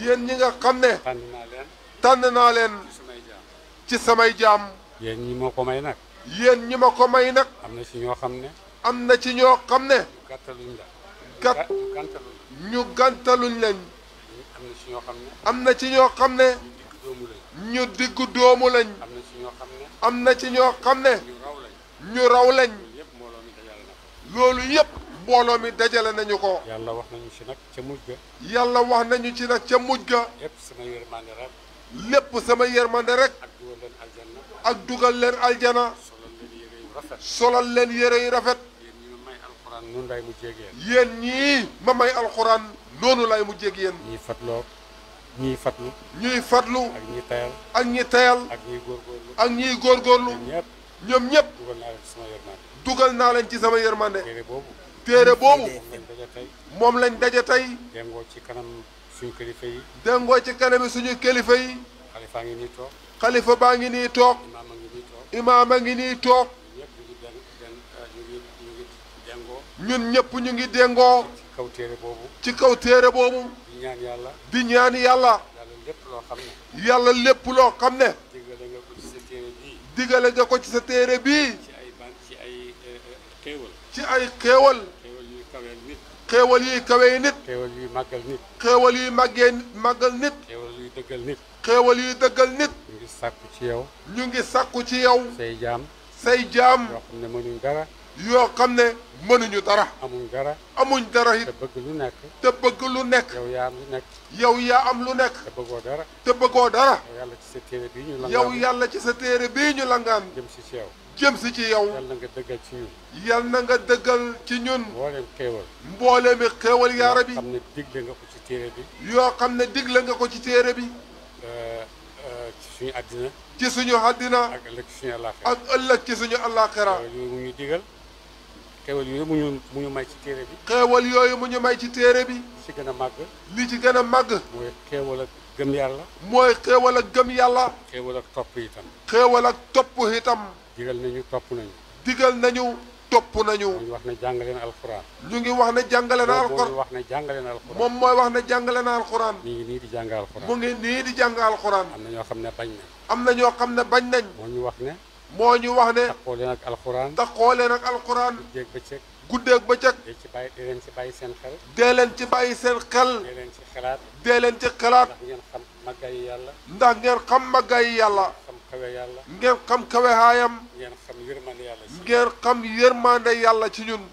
yéen ñi nga xam ne. tànn naa leen. tànn naa leen. ci samay jaam. ci samay jaam. yéen ñi ma ko may nag. yéen ñi ma ko may nag. am na ci ñoo xam ne. am na ci ñoo xam ne. gàttaluñ la. gàtt ñu gàntaluñ lañ. am na ci ñoo xam ne. ñu diggu doomu lañ. am na ci ñoo xam ne ñu raw lañ loolu yëpp mbooloo mi dajale nañu ko. yàlla wax nañu ci nag ca mujj ga. yàlla wax nañu ci nag ca mujj ga. lépp sama yërmande rek. lépp sama yërmande rek. ak dugal leen aljana. ak dugal leen aljana. solal leen yére yu rafet. yéen ñii ma may alxuraan noonu lay mujjee ak yéen. ñii fatloo. ñuy fatlu. ñuy fatlu. ak ñuy tayal. ak ñuy tayal. ak ñuy góorgóorlu. ak ñuy góorgóorlu. ñoom ñëpp. dugal naa leen ci sama yërmande. naa leen ci sama yërmande. téere boobu. téere moom lañ daje tey. dengoo ci kanam suñu kilifa yi. dengoo ci kanam suñu kilifa yi. xalifa ngi nii xalifa baa ngi nii toog. imaam a ngi nii toog. imaam ñun ñëpp ñu ngi dengoo. ci kaw boobu. ci kaw téere boobu. di ñaan yàlla. di ñaan yàlla. yàlla lépp loo xam ne. yàlla lépp loo xam ne. digale nga ko ci sa téere bii. digale nga ko ci sa téere bi ci ay ban ci ay eh, eh, xéewal. ci ay xéewal. xéewal yuy kawee nit. xéewal yuy màggal nit. xéewal yuy màggee màggal nit. xéewal yuy dëggal nit. dëggal nit. ñu ngi sàkku ci yow. ñu ngi sàkku ci yow. say jaam. say jaam. yoo xam ne mënuñ dara. yoo xam ne mënuñu dara. amuñ dara. amuñ dara it. te bëgg lu nekk. te bëgg lu nekk. yow yaa am lu nekk. yow yaa am lu nekk. te bëggoo dara. te bëggoo dara. yow yàlla ci sa téere bii ñu langaan. yow yàlla ci sa téere bi ñu langaan. jëm si ci yow. jëm si ci yow. yal na nga dëggal ci ñun. yal na nga dëggal ci ñun. mbooleem xéewal. mbooleemi xéewal yaara bi. yoo xam ne digle nga ko ci téere bi. yoo xam ne digle nga ko ci téere bi. ci suñu àddina. ci suñu àddina. ak ëllëg ci suñu àllaaxira. ci suñu àllaaxira. yooyu mu ñu digal. xéewal yooyu mu ñu mu ñu may ci téere bi xéewal yooyu mu ñu may ci téere bi ci gën a màgg li ci gën a màgg mooy xéewal ak gëm yàlla mooy xéewal ak gëm yàlla xéewal ak topp itam xéewal ak topp itam digal nañu topp nañu digal nañu topp nañu ñu ngi wax ne jàngale na alxuraan ñu ngi wax ne jàngale na alxuraan wax ne jàngale na alxuraan moom mooy wax ne jàngale na alxuraan mu ngi nii di jàng alxuraan mu ngi nii di jàng alxuraan am na ñoo xam ne bañ nañ am na ñoo xam ne bañ nañ moo ñu wax ne moo ñu wax ne. taxoo leen ak alxuraan. taxoo leen ak alxuraan. guddeeg bëccëg. guddeeg bëccëg. dee ci bàyyi seen xel. dee leen ci bàyyi seen xel. dee leen ci xalaat. leen ci xalaat. ndax ngeen xam màggaayu yàlla. ndax ngeen xam màggaayu yàlla. kawe yàlla ngeen xam kawe haayam xam yërmande yàlla ci ngeen xam yërmande yàlla ci ñun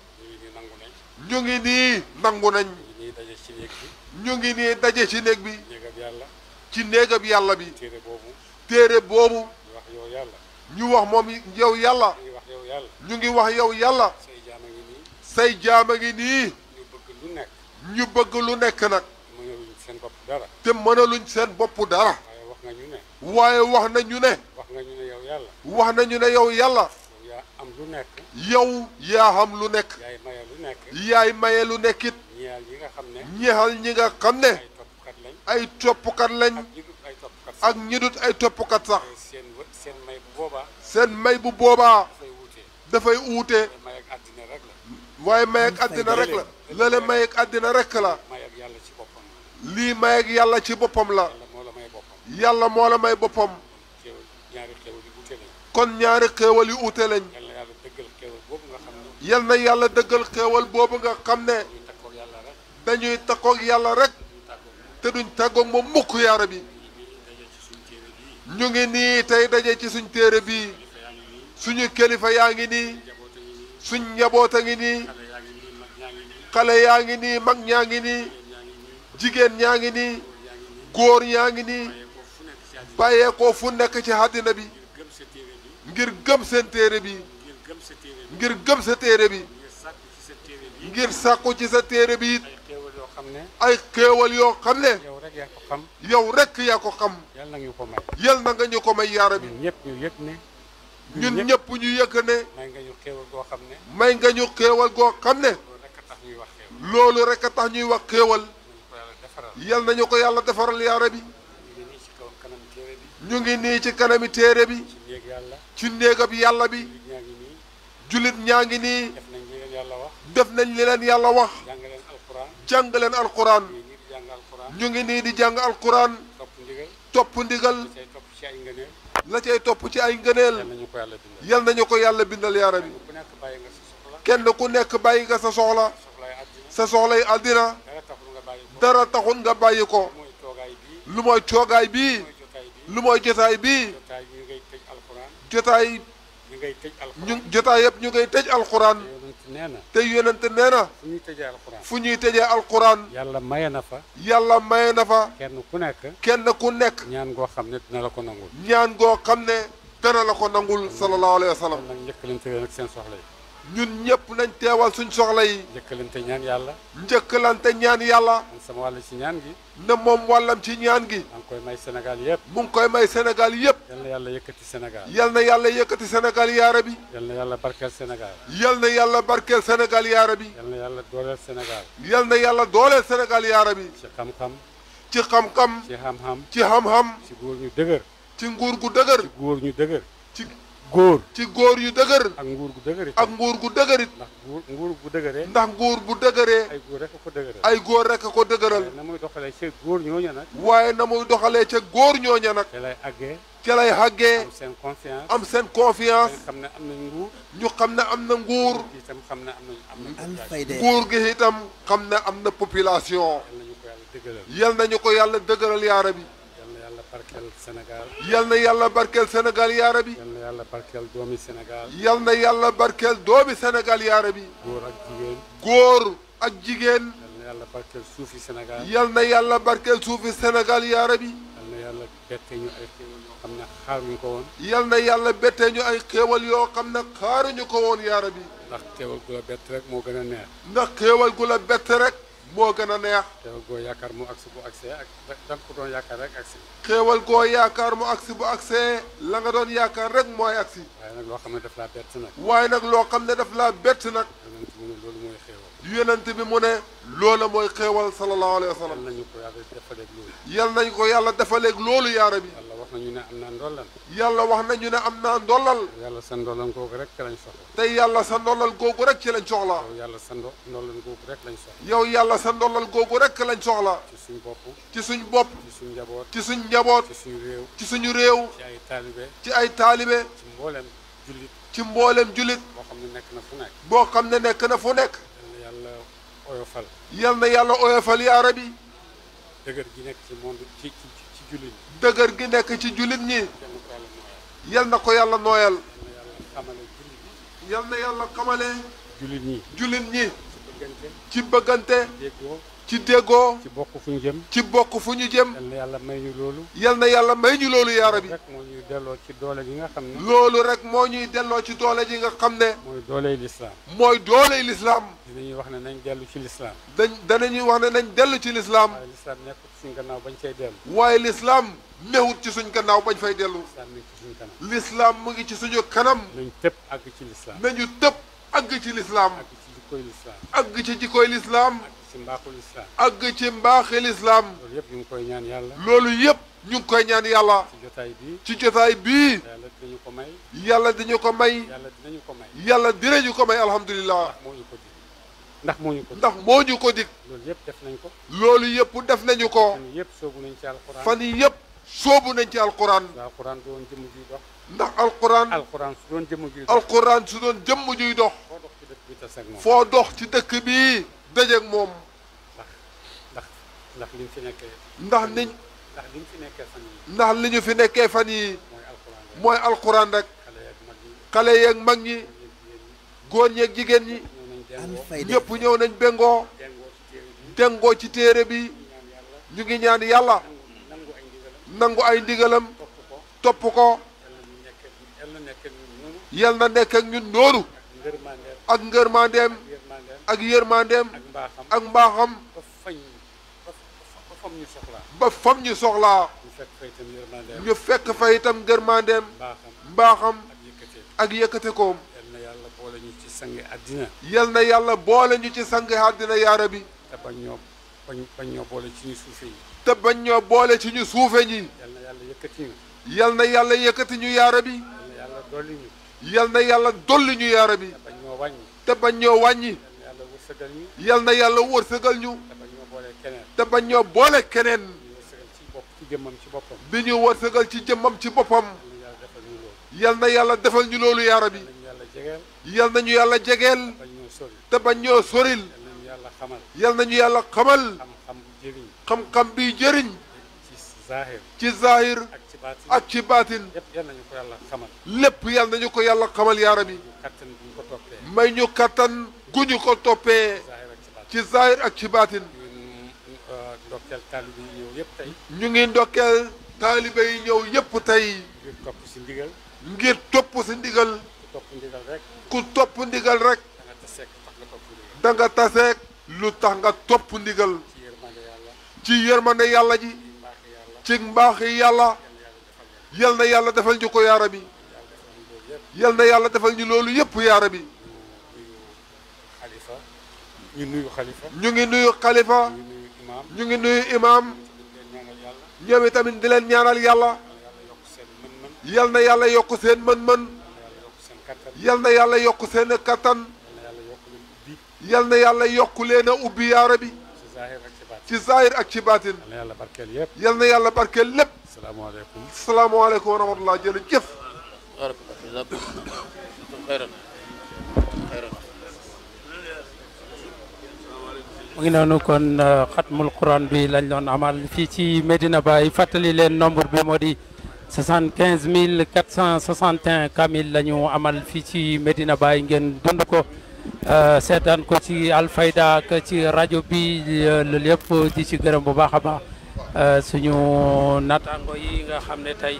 ñu ngi nii nangu nañ ñu ngi daje ci néeg bi ñu ngi nii daje ci néeg bi ci néegab yàlla bi téere boobu téere boobu ñu wax moom yow yàlla. ñu ngi wax yow yàlla. say jaama ngi nii. say jaama ngi nii. ñu bëgg lu nekk. nag. mënaluñ seen bopp dara. te mënaluñ seen bopp dara. waaye wax nañu ne. waaye wax nañu ne. wax nañu ne yow yàlla. wax nañu ne yow yàlla. yaa am lu nekk. yow yaa am lu nekk. yaay maye lu nekk. yaay maye lu nekk it. ñeexal ñi nga xam ne. ñeexal ñi nga xam ay toppkat lañ. ay toppkat lañ. ak ñi dut ay toppkat sax. seen may bu boobaa dafay uute waaye may ak àddina rek la lële may àddina rek la lii may ak yàlla ci boppam la yàlla moo la may boppam kon ñaari xéewal yu uute lañ yal na yàlla dëggal xéewal boobu nga xam ne dañuy takkoog yàlla rek te duñ tàggoog moom mukk yaara bi ñu ngi nii tey daje ci suñ téere bi suñu kilifa yaa ngi nii suñ njaboot a ngi nii xale yaa ngi nii mag ñaa ngi nii jigéen ñaa ngi nii góor ñaa ngi nii bàyyee ko fu nekk ci àddina bi ngir gëm seen téere bi ngir gëm sa téere bi ngir sàkku ci sa téere bi it ay xéewal yoo xam ne yaa ko xam yow rek yaa ko xam yal na ñu ko may yal na nga ñu ko may yaa rabbi ñun ñëpp ñu yëg ne ñun ñëpp ñu yëg ne may nga ñu xéewal goo xam ne may nga ñu xéewal goo xam ne loolu rek a tax ñuy wax xéewal yal nañu ko yàlla defaral yaa rabbi ñu ngi nii ci kanami téere bi ci néegab yàlla bi julit ñaa ngi nii def nañ li leen yàlla wax jàng leen alquran ñu ngi nii di jàng alquran. topp ndigal topp ndigal. la cay topp ci ay ngëneel. la cay topp ci ay ngëneel. yal nañu ko yàlla bindal yal bi ko yàlla bindal yaa rabbi. kenn ku nekk bàyyi nga sa soxla. sa soxlay àddina. dara taxul nga bàyyi ko. lu mooy coogaay bi lu mooy jotaay bii. jotaay ñu ngay tëj alquran. jotaay. ñu ngay tëj alquran ñu jotaay yëpp ñu ngay tëj alquran. nee na te yonente nee na fu ñuy tëjee alquran fu ñuy tëjee alquran yàlla maye na fa yàlla maye na fa kenn ku nekk kenn ku nekk ñaan goo xam ne dina la ko nangul ñaan goo xam ne dana la ko nangul sallallahu alayhi wa sallam nag njëkkalante leen seen soxla yi ñun ñëpp nañ teewal suñ soxla yi. njëkkalante ñaan yàlla. njëkkalante ñaan yàlla. man sama wàll ci ñaan gi. na moom wàllam ci ñaan gi. maa ngi koy may Sénégal yëpp. mu ngi koy may Sénégal yëpp. yal na yàlla yëkkati Sénégal. yal na yàlla yëkkati Sénégal yaara bi. yal na yàlla barkeel Sénégal. yal na yàlla barkeel Sénégal yaara bi. yàlla dooleel Sénégal. yal na yàlla dooleel Sénégal yaara bi. ci xam-xam. ci xam-xam. ci xam-xam. ci xam-xam. ci nguur ñu dëgër. ci nguur gu dëgër. ci nguur ñu dëgër. góor ci góor yu dëgër ak nguur gu dëgërit ak nguur gu dëgërit ndax nguur bu dëgëree ndax nguur bu dëgëree ay góor rek ko dëgëral ay góor rek ko dëgëral na muy doxalee ca góor ñooña nag waaye na muy doxalee ca góor ñooña nag ca lay àggee ca lay àggee am seen confiance am seen confiance xam ne am na nguur ñu xam ne am na nguur itam xam ne am na nguur gi itam xam ne am na population yal nañu ko yàlla dëgëral yaara bi barkeel Sénégal. yal na yàlla barkeel Sénégal yaa rabi. yal na yàlla barkeel doomi Sénégal. yal na yàlla barkeel doomi Sénégal yaa rabi. góor ak jigéen. góor ak jigéen. yal na yàlla barkeel suufi Sénégal. yal na yàlla barkeel suufi Sénégal yaa rabi. yal na yàlla bettee ñu ay xéewal yoo xam ne xaaruñu ko woon. yal na yàlla bettee ñu ay xéewal yoo xam ne xaaruñu ko woon yaa rabi. ndax xéewal gu la bett rek moo gën a neex. ndax xéewal gu la bett rek. moo gën a neex. xéewal goo yaakaar moo agsi bu agsee ak da ko doon yaakaar rek agsi. xéewal goo yaakaar mu agsi bu agsee la nga doon yaakaar rek mooy agsi. waaye nag loo xam ne daf laa bett nag. waaye nag loo xam ne daf laa bett nag. yonent bi mu ne loo loola mooy xeewal sallallahu alayhi wa sallam yal nañ ko yàlla defaleeg loolu yaara bi yàlla wax nañu ne am na ndollal yàlla wax nañu ne am naa ndollal yàlla sa ndollal googu rek ci lañ soxla tey yàlla sa ndollal googu rek ci lañ soxla yow yàlla sa ndollal googu rek lañ soxla yow yàlla sa ndollal googu rek lañ soxla ci suñ bopp ci suñ bopp ci suñ njaboot ci suñ njaboot ci réew ci suñu réew ay taalibe ci ay taalibe mboolem jullit ci mboolem julit boo xam ne nekk na fu nekk boo xam ne nekk na fu nekk oyofal. yal na yàlla oyofal yaa rabbi. dëgër gi nekk ci monde ci jullit ñi. dëgër gi nekk ci jullit ñi. yal na ko yàlla nooyal. yal na yàlla xamale. jullit ñi jullit ñi. ci bëggante. ci déggoo. ci bokk fu ñu jëm. ci bokk fu ñu jëm. yal na yàlla may ñu loolu. yal na yàlla may ñu loolu yaa rabi. moo ñuy delloo ci doole ji nga xam ne. loolu rek moo ñuy delloo ci doole ji nga xam ne. mooy doole dooley lislaam. mooy dooley lislaam. dinañuy wax ne nañ dellu ci lislaam. dañ danañuy wax ne nañ dellu ci lislaam. waaye lislaam nekkul gannaaw bañ cay dellu. waaye lislaam newut ci suñ gannaaw bañ fay dellu. lislaam mu ngi ci suñu kanam. nañ tëb àgg ci lislaam. nañu tëb àgg ci lislaam. àgg ci jikkooy lislaam. àgg ci jikkooy lislaam. ci mbaaxul islam. àgg ci mbaaxil islam. loolu yëpp ñu ngi koy ñaan yàlla. loolu yëpp ñu ngi koy ñaan yàlla. ci jotaay bii. ci jotaay bii. yàlla dinañu ko may. yàlla dinañu ko may. yàlla dinañu ko may. yàlla ko may alhamdulilah. ndax moo ñu ko dig. ndax moo ñu ko dig. loolu yëpp def nañ ko. loolu yëpp def nañu ko. fan yii yëpp soobu nañ ci alquran. fan yii yëpp soobu nañ ci alquran. ndax alquran du doon jëmm juy dox. ndax alquran. alquran su doon jëmm juy dox. alquran su doon jëmm juy dox. foo dox ci dëkk bi dajeeg moom. ndax liñ fi nekkee. ndax niñ. ndax liñ fi li ñu fi nekkee fan yi mooy alquran rek. xale yee mag ñi. góor ñeeg jigéen ñi. ñëpp ñëw nañ bengoo. dengoo ci téere bi. ñu ngi ñaan yàlla. nangu ay ndigalam. topp ko. yal na nekk ak ñun noonu. ak ngërmandeem. ak yërmandeem. ak mbaaxam. fam ñu soxlaa. ba fam ñu soxlaa. ñu fekk fa itam yërmandeem. ñu fekk fa itam yërmandeem. mbaaxam ak yëkkate koom. yal na yàlla boole ñu ci sangi àddina. yal na yàlla boole ñu ci sangi àddina yaa rabbi. te bañ ñoo bañ bañ ñoo boole ci ñu suufe ñi. te bañ ñoo boole ci ñu suufe ñi. yal na yàlla yëkkati ñu. yal bi yàlla yëkkati ñu yaa rabbi. yal na yàlla dolli ñu. yal na te bañ ñoo wàññi. yal na yàlla wërsëgal ñu. te bañ ñoo boole keneen. di ñu wërsëgal ci jëmmam ci boppam. yal na yàlla defal ñu loolu yaa rabbi. yal na ñu yàlla jegeel. te bañ ñoo soril. yal na ñu yàlla xamal. xam-xam bi jëriñ. ci zahir ak ci baatin lépp yal nañu ko yàlla xamal yaa rabbi may ñu kattan ñu ko toppee ci zahir ak ci baatin ndokkeel taalibe yi ñëw yëpp tey. ñu ngi ndokkeel taalibe yi ñëw yëpp tey. ngir topp si ndigal. ngir topp si ndigal. ku topp ndigal rek. ku topp ndigal rek. da nga taseek lu tax nga topp ndigal. ci ma ne yàlla ji. ci yi yàlla. yal na yàlla defal ñu ko yaara bi. yal na yàlla defal ñu loolu yëpp yaara bi. ñu nuyu xalifa. ñu ngi nuyu imaam ñoom tamit di leen ñaanal yàlla yal na yàlla yokk seen mën-mën yal na yàlla yokk seen kattan yal na yàlla yokk leen a ubbi yaara bi ci zahir ak ci baatin yal na yàlla barkeel yëpp yal na yàlla barkeel lépp salaamaaleykum salaamaaleykum wa rahmatullah jërëjëf mu ngi noonu kon euh, xatmul quran bi lañ doon amal fii ci Medina Baye fàttali leen nombre bi moo di 75 461 kamil la ñu amal fii ci Medina Baye ngeen dund ko euh, seetaan ko ci Alfayda ak ci rajo bi euh, loolu yëpp di ci gërëm bu baax a baax suñu naataango yi nga xam ne tey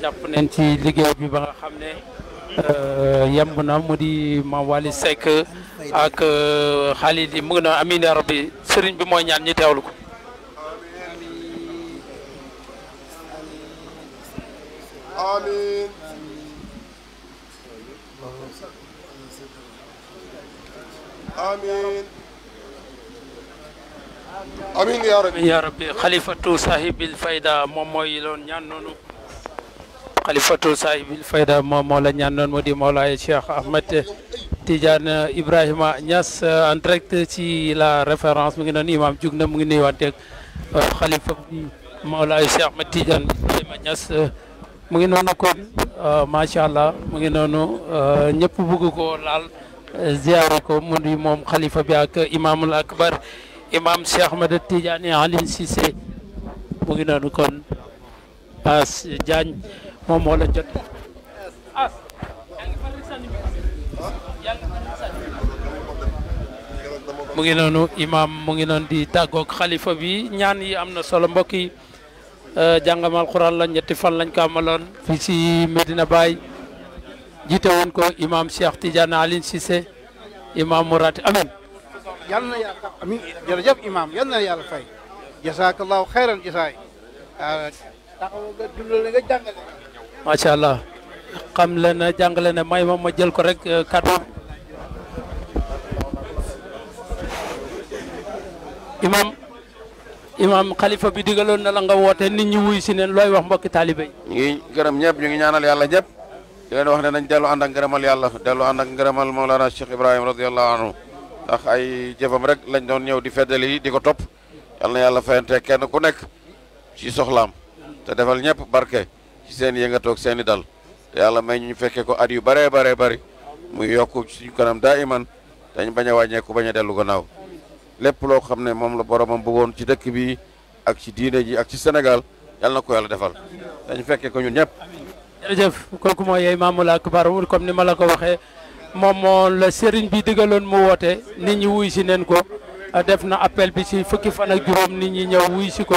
jàpp nañ ci liggéey bi ba nga xam ne yemb na mu di Mame Waly Seck ak xaalid euh, yi mu ngi noonu amiin sëriñ bi mooy ñaan ñi teewlu ko amiin amiin amiin yaa sahibil fayda moom mooy loon ñaan noonu Khalifatul saahibil fayda mo mo la ñaan noon mo di Mawlaay Cheikh Ahmed Tidiane Ibrahima Niass euh, en direct ci la référence mu ngi non imam djugna na mu ngi nuyuwante ak xalifa Mawlaay Cheikh Ahmed Tidiane Ibrahima Niass mu ngi ko ma sha allah mu ngi non euh, ñepp bëgg ko laal ziaré ko modi mom khalifa bi ak imamul akbar imam Cheikh Ahmed Tidiane Alioune Cissé mu ngi non kon As jan moom moo la jot mu ngi imam mu ngi noonu di tagok xalifa bi ñaan yi am na solo mbokk yi eh, jàngam alquran la ñetti fan lañ ko Medina Bay. jiite woon ko imam Cheikh Tidiane Aline Cissé imam Mourati amin yal na yàlla amin jërëjëf imam yal na yàlla fay jazakallahu xayran jasaay ah, taxaw nga jublu nga Masya allah xam la na jàngale ne may ma ma jël ko rek eh, imam imam Khalifah bi digaloon na la nga woote nit ñi wuy si neen looy wax mbokki taalibe ñu ngi gërëm ñëpp ñu ngi ñaanal yàlla ñëpp di leen wax ne nañ dellu ànd ak ngërëmal yàlla dellu ànd ak ngërëmal Cheikh Ibrahim radiyallahu anhu ndax ay jëfam rek lañ doon ñëw di feddali di ko topp yàlla na yàlla fayante kenn ku nekk ci soxlaam te defal ñëpp barke ci seen ya tok seen dal yalla may ñu fekke ko at yu bare bare bare mu yokku ci kanam daiman iman dañ baña wañe dalukanau baña delu gannaaw lepp lo xamne ne la borom am bëggoon ci dëkk bi ak ci diine ji ak ci Sénégal yalla nako ko defal dañ fekke ko ñun ñëpp jërëjëf kooku mooy yey Mamoul Akbar comme ni mala ko waxe mom mo la serigne bi digalon mu nit ñi wuy ci neen ko def na appel bi ci fukki fan ak juroom nit ñi ñew wuy ci ko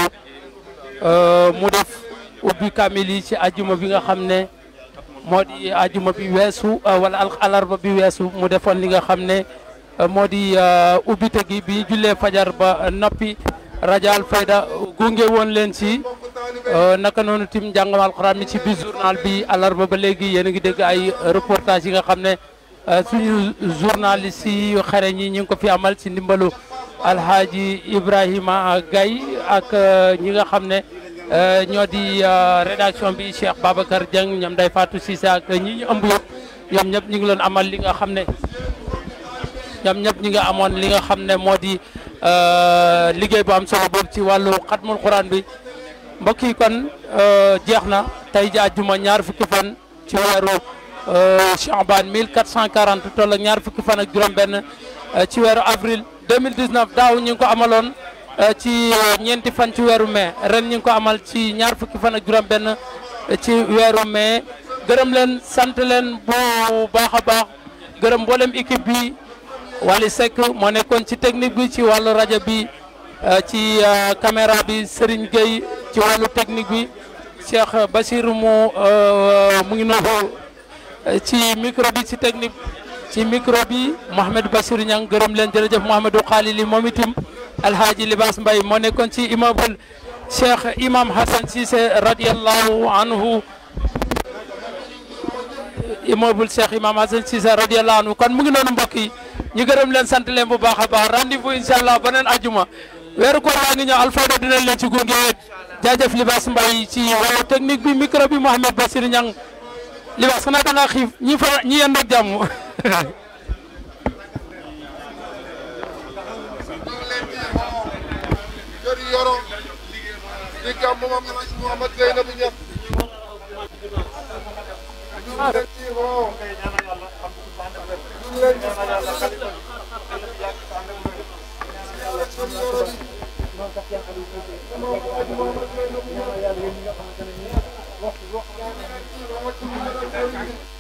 euh, mu def ubbi kaamil yi ci ajuma bi nga xam ne moo di ajuma bi weesu euh, wala alarba bi weesu mu defoon li nga xam ne euh, moo di euh, ubbite gi bi jullee fajar ba noppi rajo Alfayda gunge woon leen ci naka noonu tim njàngam alxuraan ci biir journal bi alarba ba léegi yéen a ngi dégg ay reportage yi nga xam ne suñu journaliste yi xereñ yi ñu ngi ko fi amal ci ndimbalu Ibrahima Gaye ak ñi nga xam ne Euh, ñoo di euh, rédaction bi Cheikh Babacar Dieng ñoom day Fatou Cissé ak ñi ñu ëmb ñoom ñëpp ñu ngi doon amal li nga xam ne ñoom ñëpp ñi nga amoon li nga xam ne moo di euh, liggéey bu am solo boobu ci wàllu xatmul quran bi mbokk yi kon jeex na tey ji àjjuma ñaar fukki fan ci weeru Chaban 1440 toll ak ñaar fukki fan ak juróom-benn ci weeru avril daaw ñu ngi ci ñenti fan ci wéru mai ren ñu ko amal ci ñaar fukki fan ak juróom ben ci wéru mai gërëm leen sant leen bu baax a baax gërëm équipe bi wali sek mo nekkoon ci technique bi ci wàllu rajo bi euh, ci euh, caméra bi Serigne Gueye ci wàllu technique bi Cheikh Bachir mu euh, mu ngi noonu ci micro bi ci technique ci micro bi Mohamed Bachir ñang gërëm leen jërëjëf Mohamedou Khalili moom itam. alhaaji libaas mbay moo nekkoon ci immeuble cheikh imam hasan Cissé radiallahu anhu immeuble cheikh imam hasan Cissé radiallahu anhu kon mu ngi noonu mbokk yi ñu gërëm leen sant leen bu baax a baax rendez-vous incha allah beneen ajuma weeru koor laa ngi ñëw alfayda dinañ leen ci gunge jaajëf libaas mbay ci wàllu technique bi micro bi Mouhamed Bassir libaas xanaa da xiif ñi fa ñi Seydou Yoro di a moom a Zeynabou Niass ñu leen di